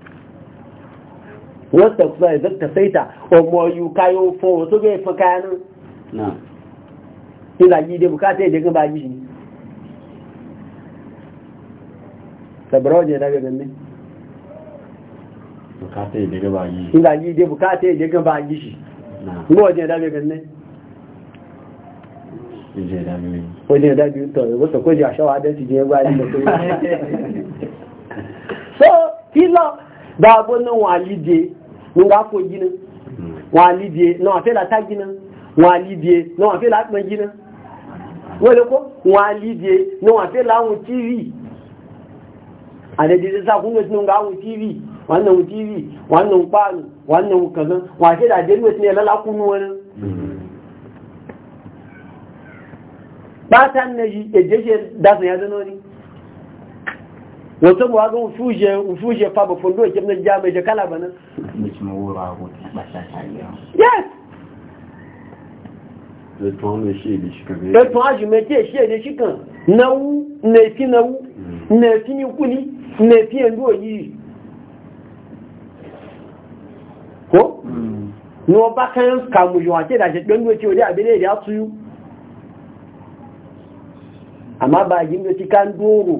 wata kuma ya zata saita ọmọ yìí káyọ fún wọn tó bẹ́ẹ̀ fún káyánú náà nígbà yìí dé bukata èdè kan bá yìí ni sàbẹ̀rẹ̀ ọ̀jẹ̀ dágbẹ̀ gẹ̀mẹ́ nígbà yìí dé bukata èdè kan bá yìí nígbà ọ̀jẹ̀ dágbẹ̀ gẹ̀mẹ́ ọjẹ́ dágbẹ̀ tọ̀ ìwọ́sọ̀ kó jẹ́ àṣọ́wà adẹ́ ti jẹ́ ẹgbẹ́ alẹ́ mun ga ko gina hmm. wa libye na wa fe la ta gina wa libye na wa fe la ta gina wole ko wa libye na wa fe la mu tv ale de sa kun ne ga mu tv wannan tv wannan kwano wannan kaza wa fe da de ne la la kunu wani ba san ne je je da ya zano ni wata mu wagon fuje fa ba fundo ke nan ja mai kala bana yes le ton ne shi bi shi kan le ton aji ke shi ne shi kan nawu ne fi nawu ne fi ni kuni ne fi ndo yi ko no ba kan ka mu yo da je don we ti o da bi da tuyu amma ba yin da ti kan doro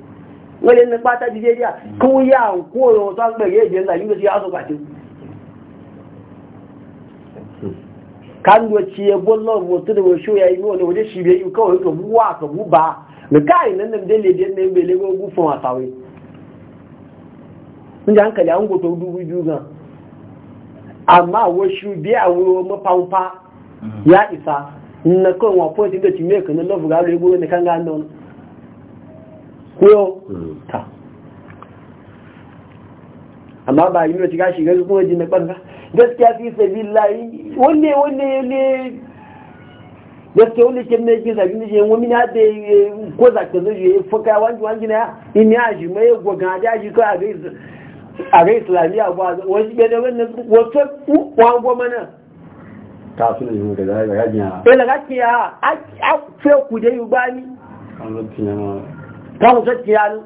wọ́n lè ní pátá jíjẹ́ díà kí wọ́n yá òkú ọ̀rọ̀ tó ń gbẹ̀rẹ̀ èdè ńlá yíò sí aṣọ pàtó kánúwàci ya bollon mutu ya yi wani waje shi bai ka ya isa na kawai wafon shi da ka na kan gano ko hmm. ta amma ba yi mace gashi ga kuma jini ɓanga gaskiya fi sabi layi wanne wanne ne gaskiya wanne ke ne ke sabi ne wani eh, eh, na da ko za ka zo ya fuka wani wani na in ya shi mai gwaga da shi ka a ga islamiyya ba wani bai da wannan wasu wani goma nan ta su ne da zai da gajiya. Ɗaya da gajiya a fiye ku dai ba ni. An zo tinyama kan ta kiyani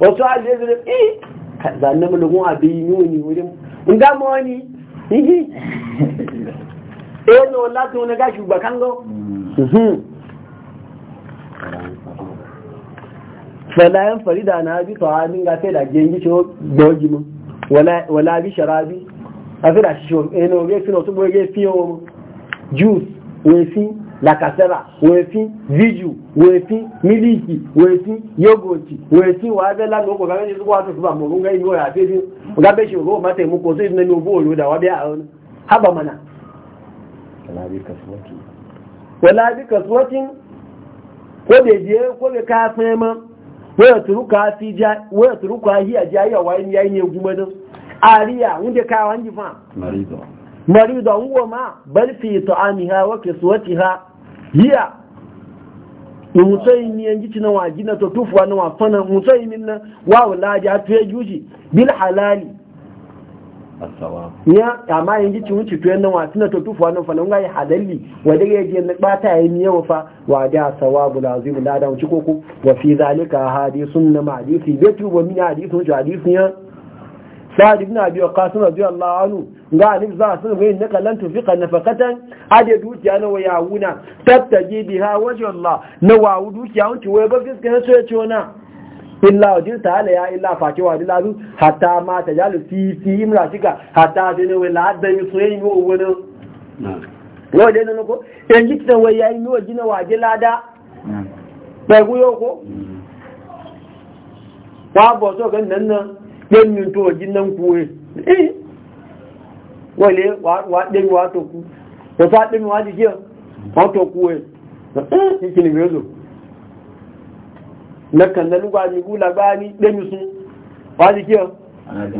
wasu hajjiyar zai eh zanne mu abin yi wani wurin in gama wani yi eh no lati wani gashi ba kango mhm. falayan farida na bi to ha min ga sai da gengi cho doji mu wala wala bi sharabi afira shi eh no ge fino to bo ge fiyo juice we fi lakasara wefi viju wefi miliki wefi yogoti wefi wazela loko kama ni zuwa to ba mu ngai yo ya fi ga be shi go mate mu ko sai ne no bo lo da wa biya on haba mana wala bi kaswati wala bi kaswati ko de je ko le ka fe ma wo ya turu ka fi ja wo ya turu ka hi aja ya wa ni yayi ne guma dan ariya unde ka wanji fa marido marido ngoma bal fi ta'amiha wa kiswatiha hiya mutsayi ni yanzu ci na waji na totufuwa na wafana mutsayi min na wawo laji a tuye juji bil halali ya amma yanzu ci wuce tuye na wasu na totufuwa na fana ngayi halalli wadda ya je na bata ya yi yawa fa wa da sawa bula zai bula da wuce koko wafi zalika hadisun na ma'adisi bai tuba min hadisun shi hadisun ya sa'ad ibn abi waqas radiyallahu anhu ga annabi za su ga innaka lan tufiqa nafaqatan ade dukiya na waya wuna tattaji biha wajh Allah na wa dukiya wanci waya ba fiska so ya ce wana illa wajin ala ya illa faki wa dilazu hatta ma tajalu fi fi imra shika hatta dene we la da yi soyi mi wo wona wo de no ko en ta waya mi o jina wa dilada mm. bai guyo ko mm. wa bo so ga nan nan ɗanyin to wajen nan kuwa eh wale wa ɗanyi wa toku da sa ɗanyi wa jike wa toku eh yake ne bezo na kan na lugba ni gula ba ni ɗanyi su wa jike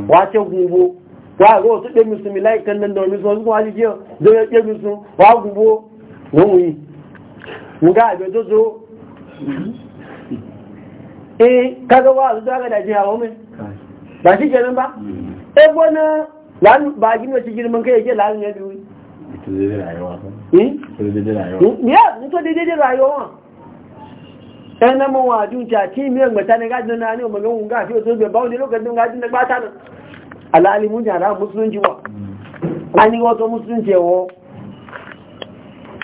wa ce gubo wa ga wasu ɗanyi su milai kan nan da wani su wasu wa jike da ya ɗanyi su wa gubo na wuyi mu ga abin to so eh kaga wa su daga da jiha wa mai ba shi kenan ba e gona ba gini wacce girman kai yake lanu ya biyu ita daidai rayuwa eh? hmm? ya nito daidai rayuwa ɗan na mu mawa junta kimiyyar mata na gajin na ne magan wunga a fiye sobe ba wani lokacin gajin na gbata nan al'alimun jara musulunci wa hmm. an yi wato musulunci yawo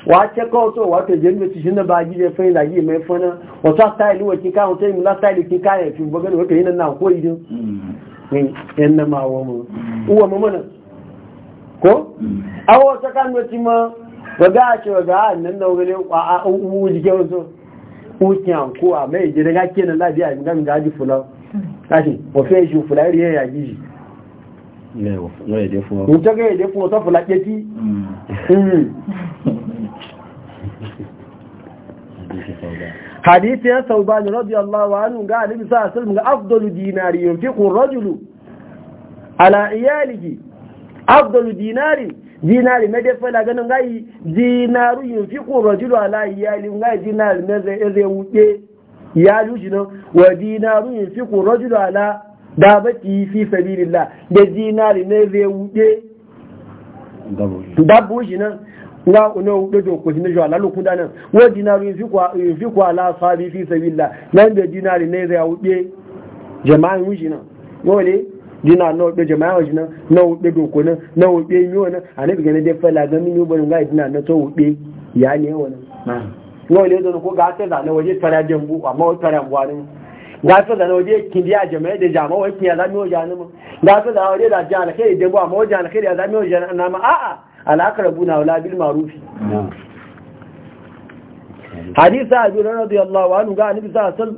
wace kawato wato jirgin su shine ba gije fai da yi mai fana wato style wa kika kawo sai mula style kin kaya kin bugan wato yana na ko idin mm. yan na ma wa mu mm. uwa mana ko mm. awo ta kan wati ma waga ce waga nan na wale a uwu jike wato ukiyan ko a mai jira ga kenan lafiya ga mun gaji fulan kashi wa fe shi fulan riya ya giji Ilé ẹ̀wọ̀, lọ́yẹ̀dẹ́ fún ọ. Mo tẹ́gẹ́ ẹ̀dẹ́ fún ọ tọ́fù lápẹ́ hadisi ya sauban radiyallahu anhu ga annabi sallallahu alaihi wasallam ga afdalu dinari yunfiqu ar-rajulu ala iyalihi afdalu dinari dinari mai dafa da ganin gai dinaru yunfiqu ar-rajulu ala iyalihi gai dinari ne zai zai wuke iyalu shi nan wa dinaru yunfiqu ar-rajulu ala baki fi sabilillah da dinari ne zai wuke dabu shi nan nga ono dojo ko ni jo ala lokunda nan wo dinari fi ko fi ko ala sabi fi sabilillah nan be dinari ne zai wuce jama'an wuji na wole dina no be jama'an wuji na na wuce doko nan na mi wona ani bi gane de fala ga mi ubo ga e dina na to wuce ya ne wona wannan wole don ko ga ta da na waje tara jambu amma wata tara buwarin gafe da waje a jama'a e da jama'a wai kiyaza miyo januma gafe da waje da jana kai da bu amma wajen alkhairi ya zamiyo janama a'a al'akarabu na wula bil marufi hadisa abu da radiyallahu anhu ga annabi sa sallam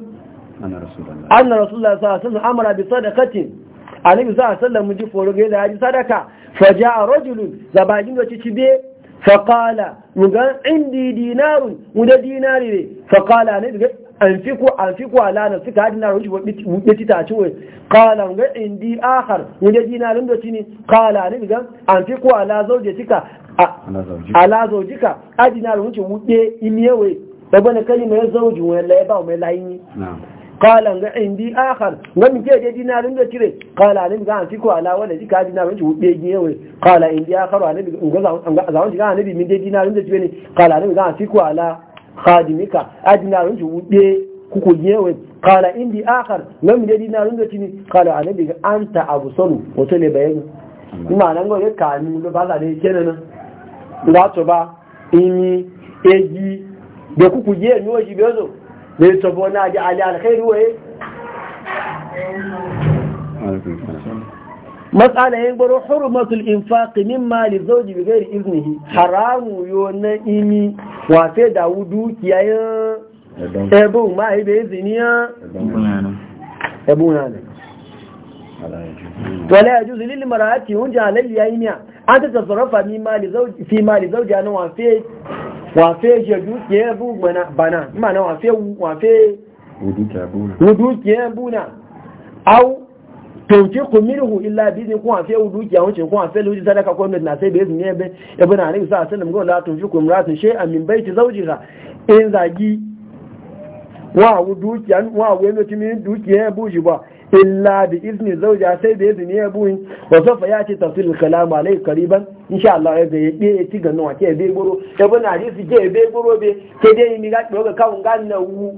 anna rasulullah sa sallam amara bi sadaqatin annabi sa sallam mu ji foro ga da hadisa sadaka faja'a rajulun zabajin da ci be faqala mu ga indi dinarun mu da dinari ne faqala ne anfiku anfiku alana suka hadin na rushi wuce tita ci wai kala ga indi akhar wanda dina da ci ne kala ni ga anfiku ala zaujatika ala zaujika adina rushi wuce imiye wai da bane kai mai zauji wai la ba mai layin kala ga indi akhar ga mi ke da dinarin da cire kala ni ga anfiku ala wanda jika dina rushi wuce giye wai kala indi akhar ni ga zawon ga annabi mi da dina da ci. ne kala ni ga anfiku ala khadimika adina ji wuɗe kuku yewe kala indi akar nam da dinarun da cini kala anabi anta an ta abu sanu wato ne bayani kuma nan go ya kani do ba ne kenan nan ga to ba ini eji da kuku ye ni waji bezo ne to bona ji ali alkhairu waye alaikum matsala yin gbaro masu infaqi min mali zawji bi ghairi iznihi haramu yo na imi wa fe da wudu kiyaye ebu ma ibe izniya ebu na ne wala yajuzu lil marati hunja alal yaymiya an ta tasarrafa min mali zawji fi mali zawji ana wa fe wa fe je bana bana ma na wa fe wa wudu kiyaye buna au tauke ku minhu illa bi zin kuma afi wudu ki awon kun afi wudu sadaka ko na sai bai zin yabe ibn ali sa sallam go la tauke ku imratun shay'an min baiti zawjiha in zagi wa wudu ki an wa weno ti min duki ya e buji ba illa bi izni zawja sai bai zin ya buin wa safa ya ce tafsil kalam alai qariban insha Allah ya e ga yabe ci e ga nawa ke bai goro ibn ali su ke bai goro be ke dai mi ga doga kawun ga na wu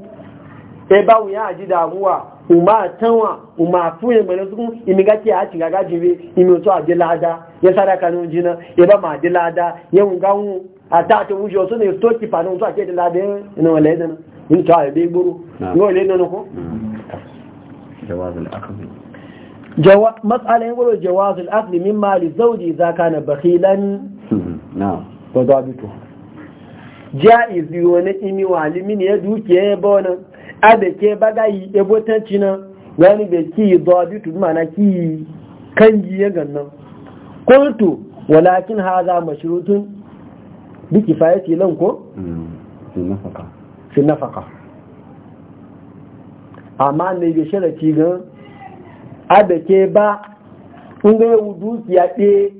eba wuya aji damuwa ma tanwa ma fuye mai nasu imi gake a cin gaga jibe imi otu aji lada ya sadaka nun jina ba ma aji lada ya wunga wu a ta ta wuce wasu ne stoki fa nun su ake da lada ina wale dana in ta be gburu ga wale dana ko jawazul jawa mas'ala yin gwaro jawazul akhdhi min mali zawji idza kana bakhilan hmm, na'am imi walimi ne dukiya ya bonan abeke bagayi ebotanci nan wani be ki zabi tu mana ki kanji ya gannan qultu walakin hadha mashrutun bi kifayati lan ko mm, fi nafaka fi nafaka amma ne ga sharati ga abeke ba unga wudu ya de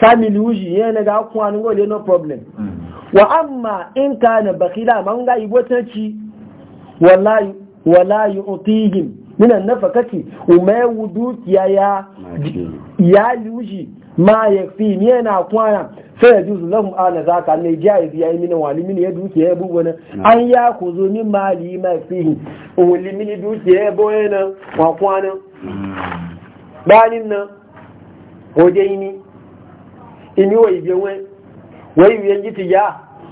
family wuji yana ga kwanu ngole no problem mm. wa amma in kana bakila man ga ibotanci wala yi otihim minan na fakaki umewu dukiya ya ya yushi ma ya fi ni yana kwana sai ya juzu lahum ana zaka ne jaiz yayi mini wani mini ya dukiya ya bugu an ya ku zo min mali ma fi wuli mini dukiya ya boye na wa kwana hmm. banin nan waje ni ini wai biyan wai wai biyan giti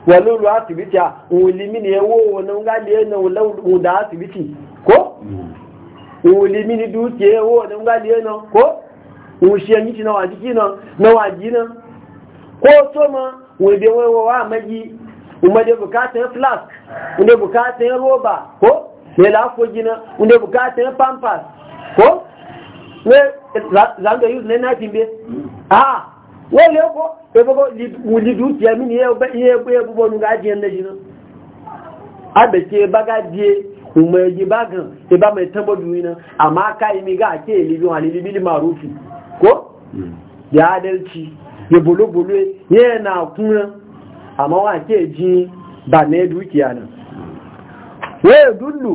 walulu asibiti a ulimi ne wo wani ngali na wula da asibiti ko hmm. ulimi ni dukiye wo wani ngali na ko ushe miti na waji na na waji na ko to ma wede wewo wa maji umade bukatan flask unde bukatan roba ko ne lafo gina unde bukatan pampas ko ne zanga yuzu ne na timbe hmm. ah wọ́n lè kọ́ ẹgbẹ́gbọ́ wùlìdú tí ẹmí ni iye ẹgbẹ́ ẹgbùgbọ́ ní gáàjí ẹ̀nà jìnà agbẹ̀tí ẹbá gáàjí ọmọ ẹjì bá gan ẹbá mẹ́ tẹ́bọ̀dù iná àmá ká imi gáàjí èlìbí wọn àlìlí bílí marufi kó hmm. yà á dẹ́rẹ́kì yẹ bolóbolo yẹ na kúnra àmá wọn àti ẹjì bà ní dúkìá náà wọ́n dúlù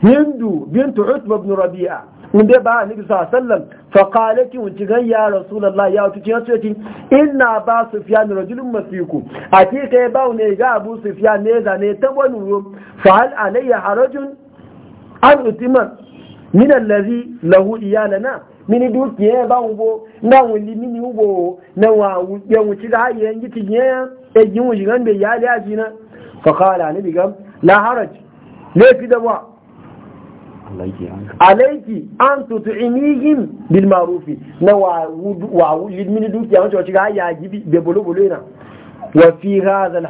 hindu bintu utba ibn rabi'a inda ba annabi sallallahu alaihi wasallam fa qalat unti gan ya rasulullah ya tuci ya tuci inna ba sufyan rajulun masiku ati ba ne ga abu sufyan ne za ne ta wani ruwa fa hal alayya harajun an utima min allazi lahu iyalana Min mini dukiye ba wo na wuli mini wo na wa wuce wuce da hayen giti ne ejin wuce gan be ya da ajina fa qala annabi gam la haraj lafi da wa alaiki an tutu inihim bil marufi na wa lidmini dukiya wancan wacce ga ya gibi da bulubulu yana wa fi hadha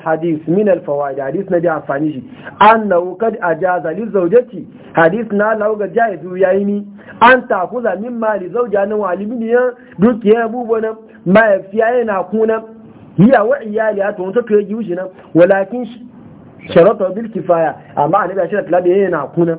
min al hadith na da amfani shi annahu kad ajaza li zawjati hadith na law ga jaizu ni. an takuza min mali zawja na walibini ya dukiya na ma yafiya na kuna hiya wa iyaliha to to ke na walakin sharatu bil kifaya amma annabi ya da labe yana kuna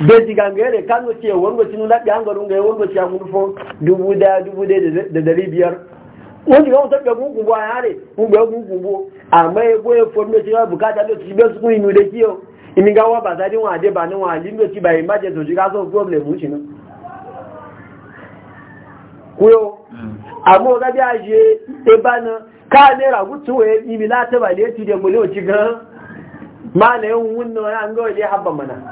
beji gangare kan wace wanda cinu labi an garin ga wanda ci an dubu da dubu da dari biyar wanda ga wata gungun ba yare kun ga gungun bo amma ya boye forme ci ya bukata lo ci su kun inu kiyo ini ga wa ba za din wa ba ni wa lin ci ba yi maje so ji so problem mu ci na kuyo amma ga aje e ka ne gutu we imi la ba le ti de mu o ci gan ma ne wun no ya an le habba mana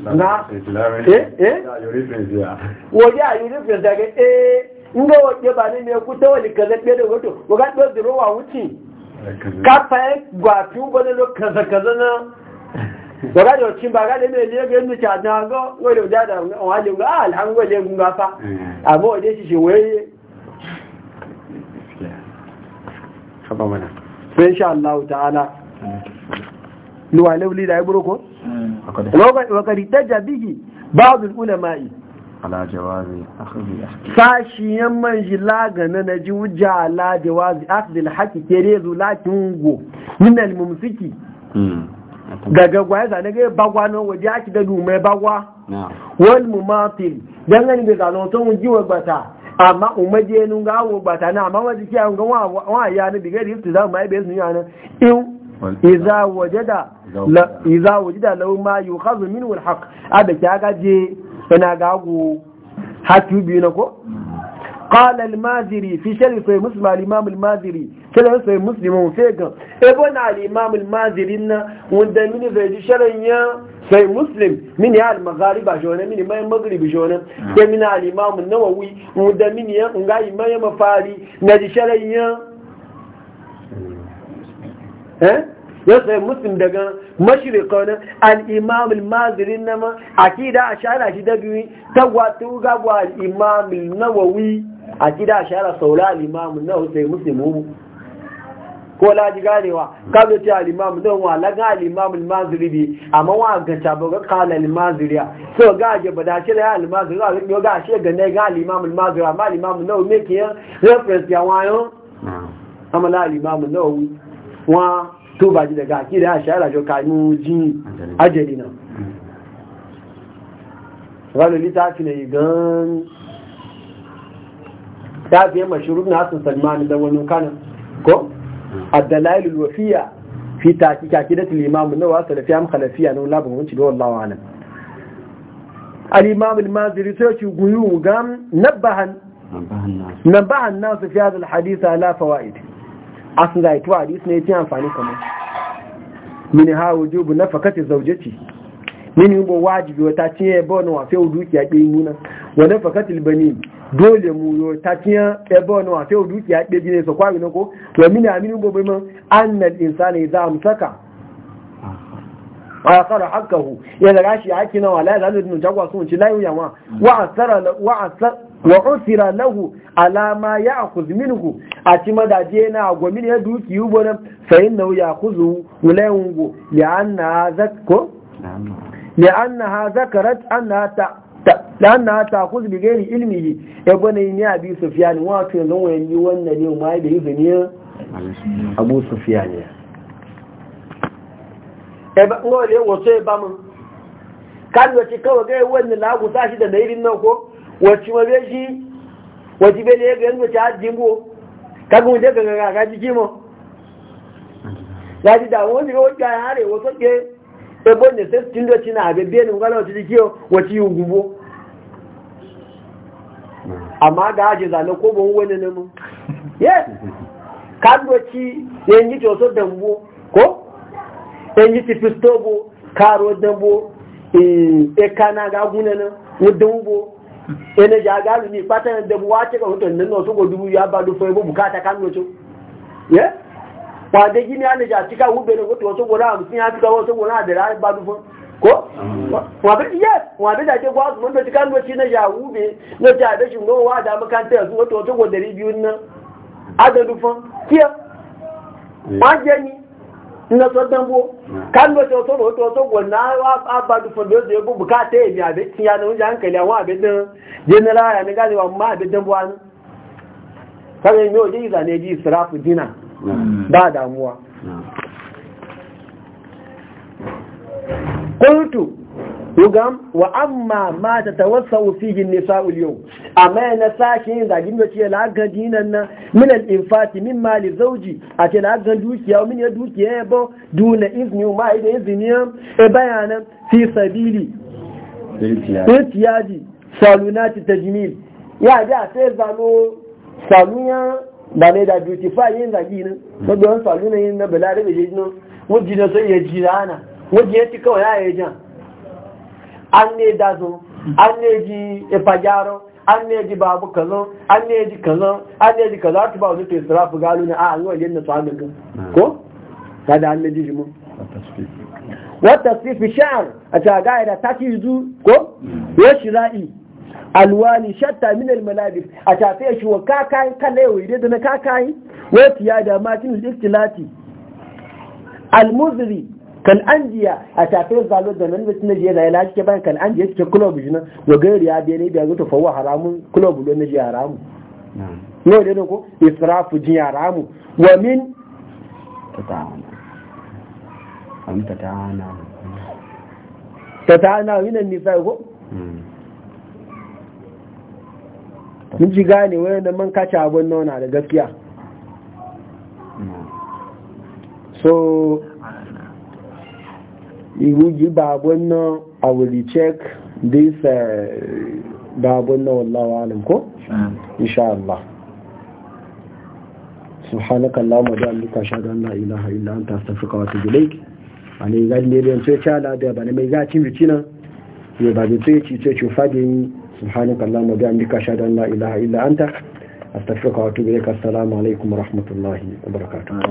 na eh eh waje a yi rufin daga eh nga waje ba ne mai kuta wani kaza ɗaya da wato waga ɗaya da wa wuce kafa ya gwafi wani kaza kaza na waga da wacin ba gane mai ah, ne ga yin ta na ga wani wajen da wani ga alhangu ne gun gafa amma eh. waje shi shi waye sai insha Allah ta'ala eh. luwa lauli da ya e buru ko wakari ta jabihi ba'adul ulama'i ala jawazi akhdhi sashiyan man na ji wuja ala jawazi akhdhi alhaqi kere zu lakin go min almumsiki daga ya zane gaya bagwa na waje ake da lume bagwa wal mumatil don gani be zano to mun jiwa gbata amma umaje nun ga awon gbata na amma waje ki an ga wa ya ne bigari istiza mai be sun yana in iza da. iza wajida lau ma yi hazo min wani haka a da ke agaje yana gagu haki biyu na ko? ƙala al-maziri fi shari'a sai musulman al-imam al-maziri shari'a sai musulman fegan ebe na al-imam al-maziri na wanda mini zai ji shari'a ya sai muslim mini ya al-magari ba shi wani mini mai magribi shi wani ya mini al-imam na wawi wanda mini ya nga yi mai mafari na ji shari'a ya eh ya sai musulun daga mashirika wani al'imam al-mazirin na ma akida a shara shi da ta tagwatu gagwa al'imam al-nawawi akida a shara saura al'imam al-nawawi sai muslim hu ko laji ganewa ka zo ce al'imam na wa laga al'imam al-maziri bi a mawa ga cabo ga kala al so ga ga bada dace da al-maziri ga ga ga shi ga nai ga al-imam maziri amma al-imam nawawi me ke reference ya wayo amma la tó bá jílẹ̀ ga kí rẹ̀ àṣàràjọ kàánú jí ajẹ́lì náà ránà ní tààfinà ìgán tààfinà mashirun na sun salmanu da wani kanan ko abdullahi wafiya fi taƙi kaki da tilimamu na da sai fawaid a hadis ne amfani kamar mini ha wujubu na fakati zaujati mini bo wajibi wata ce ya bo na wafe dukiya ke muna wa na fakati albani dole mu yo ta ya gine so na ko mini amini bai man insani hakahu haki na wala jagwa sun ci layu yawa wa asara wa usira lahu ala ma ya'khudh minuku a ci madaje na gomin ya duki yi yubo na fa innahu ya'khudhu ulayungu li'anna zakko li'annaha zakarat na ta na ta ta'khudh bi ghairi ilmihi ya bane ni abi sufyan wa to yanzu wayan yi wannan ne ma da izini abu sufyan ya e ba ngole wato e ba mun kan wace kawai ga wannan lagu sashi da nairin nan ko wacce ma bai shi wacce bai ne ga yanzu ta jimbo kaga wunde o ga ga jiki mo gaji da wani ga wani ga hare wasu ke ebo ne sai cin da na abe biyan ngala wacce jiki wacce yi amma ko pisto karo na ene aga galu ni pata de buwa ce ka hoton nan so go dubu ya ba du fa bu bukata kan gocho ye wa de gini ale ja tika ube ne goto so go ra mu sin so go na de ra ba du ko wa be yes wa be da de gwa mun da kan gochi na ja ube ja shi no wa da makanta ina so dambo hmm. kan do to to to to gonna wa ba du fondo ze bu ka te mi abe ti ya no jan kele wa abe dan general ya ni ga wa ma abe dambo an sai mi o ji za ne ji sirafu dina ba hmm. damuwa qultu hmm. Ugam wa amma ma ta tawassau fihi nisa'ul yau amma na sake yin zagi mai ce lagadi nan na. min al infati min mali zauji a ce lagan dukiya min ya dukiya ya bo duna izini ma idan izini e bayanan fi sabili itiyaji salunati tajmil ya da sai zalo saluna da ne da duty fa yin zagi nan saboda saluna yin na bala da jino wajina sai ya jirana wajina ti kawai ya yi jan an ne dazo an ne ji ifajaro an ne ji babu kazo an ne ji kazo an ne ji kazo ta ba wani to israfu galo ne a an yi wajen na tsamin kan ko da an ne ji jimu wata sifi sha'ar a gaya da ta ci zu ko ya shira'i alwani shatta min almalabis a fi shi wa kakayi kala yau idan da na kakayin wata ya da matin al-iktilati al-muzri kan an jiya a tafiyar zalo da nan mutum naje da ila ke bayan kan an jiya ke club jina wa gari ya biya ne biya zuwa fawa haramun club lo naje haramu no da ko israfu jin haramu wa min tata'ana tata'ana min an-nisa ko hmm. mun ji gane wani da man kace abun nona da gaskiya so iruji babun nan i will check this eh, babun nan wallawa alim ko? insha Allah subhanaka Allahumma wa bihamdika ashhadu an la ilaha illa anta astaghfiruka wa atubu ne da bane mai zacin bici nan ya ba da fadi subhanaka ilaha illa wa atubu ilayk assalamu alaikum wa rahmatullahi wa barakatuh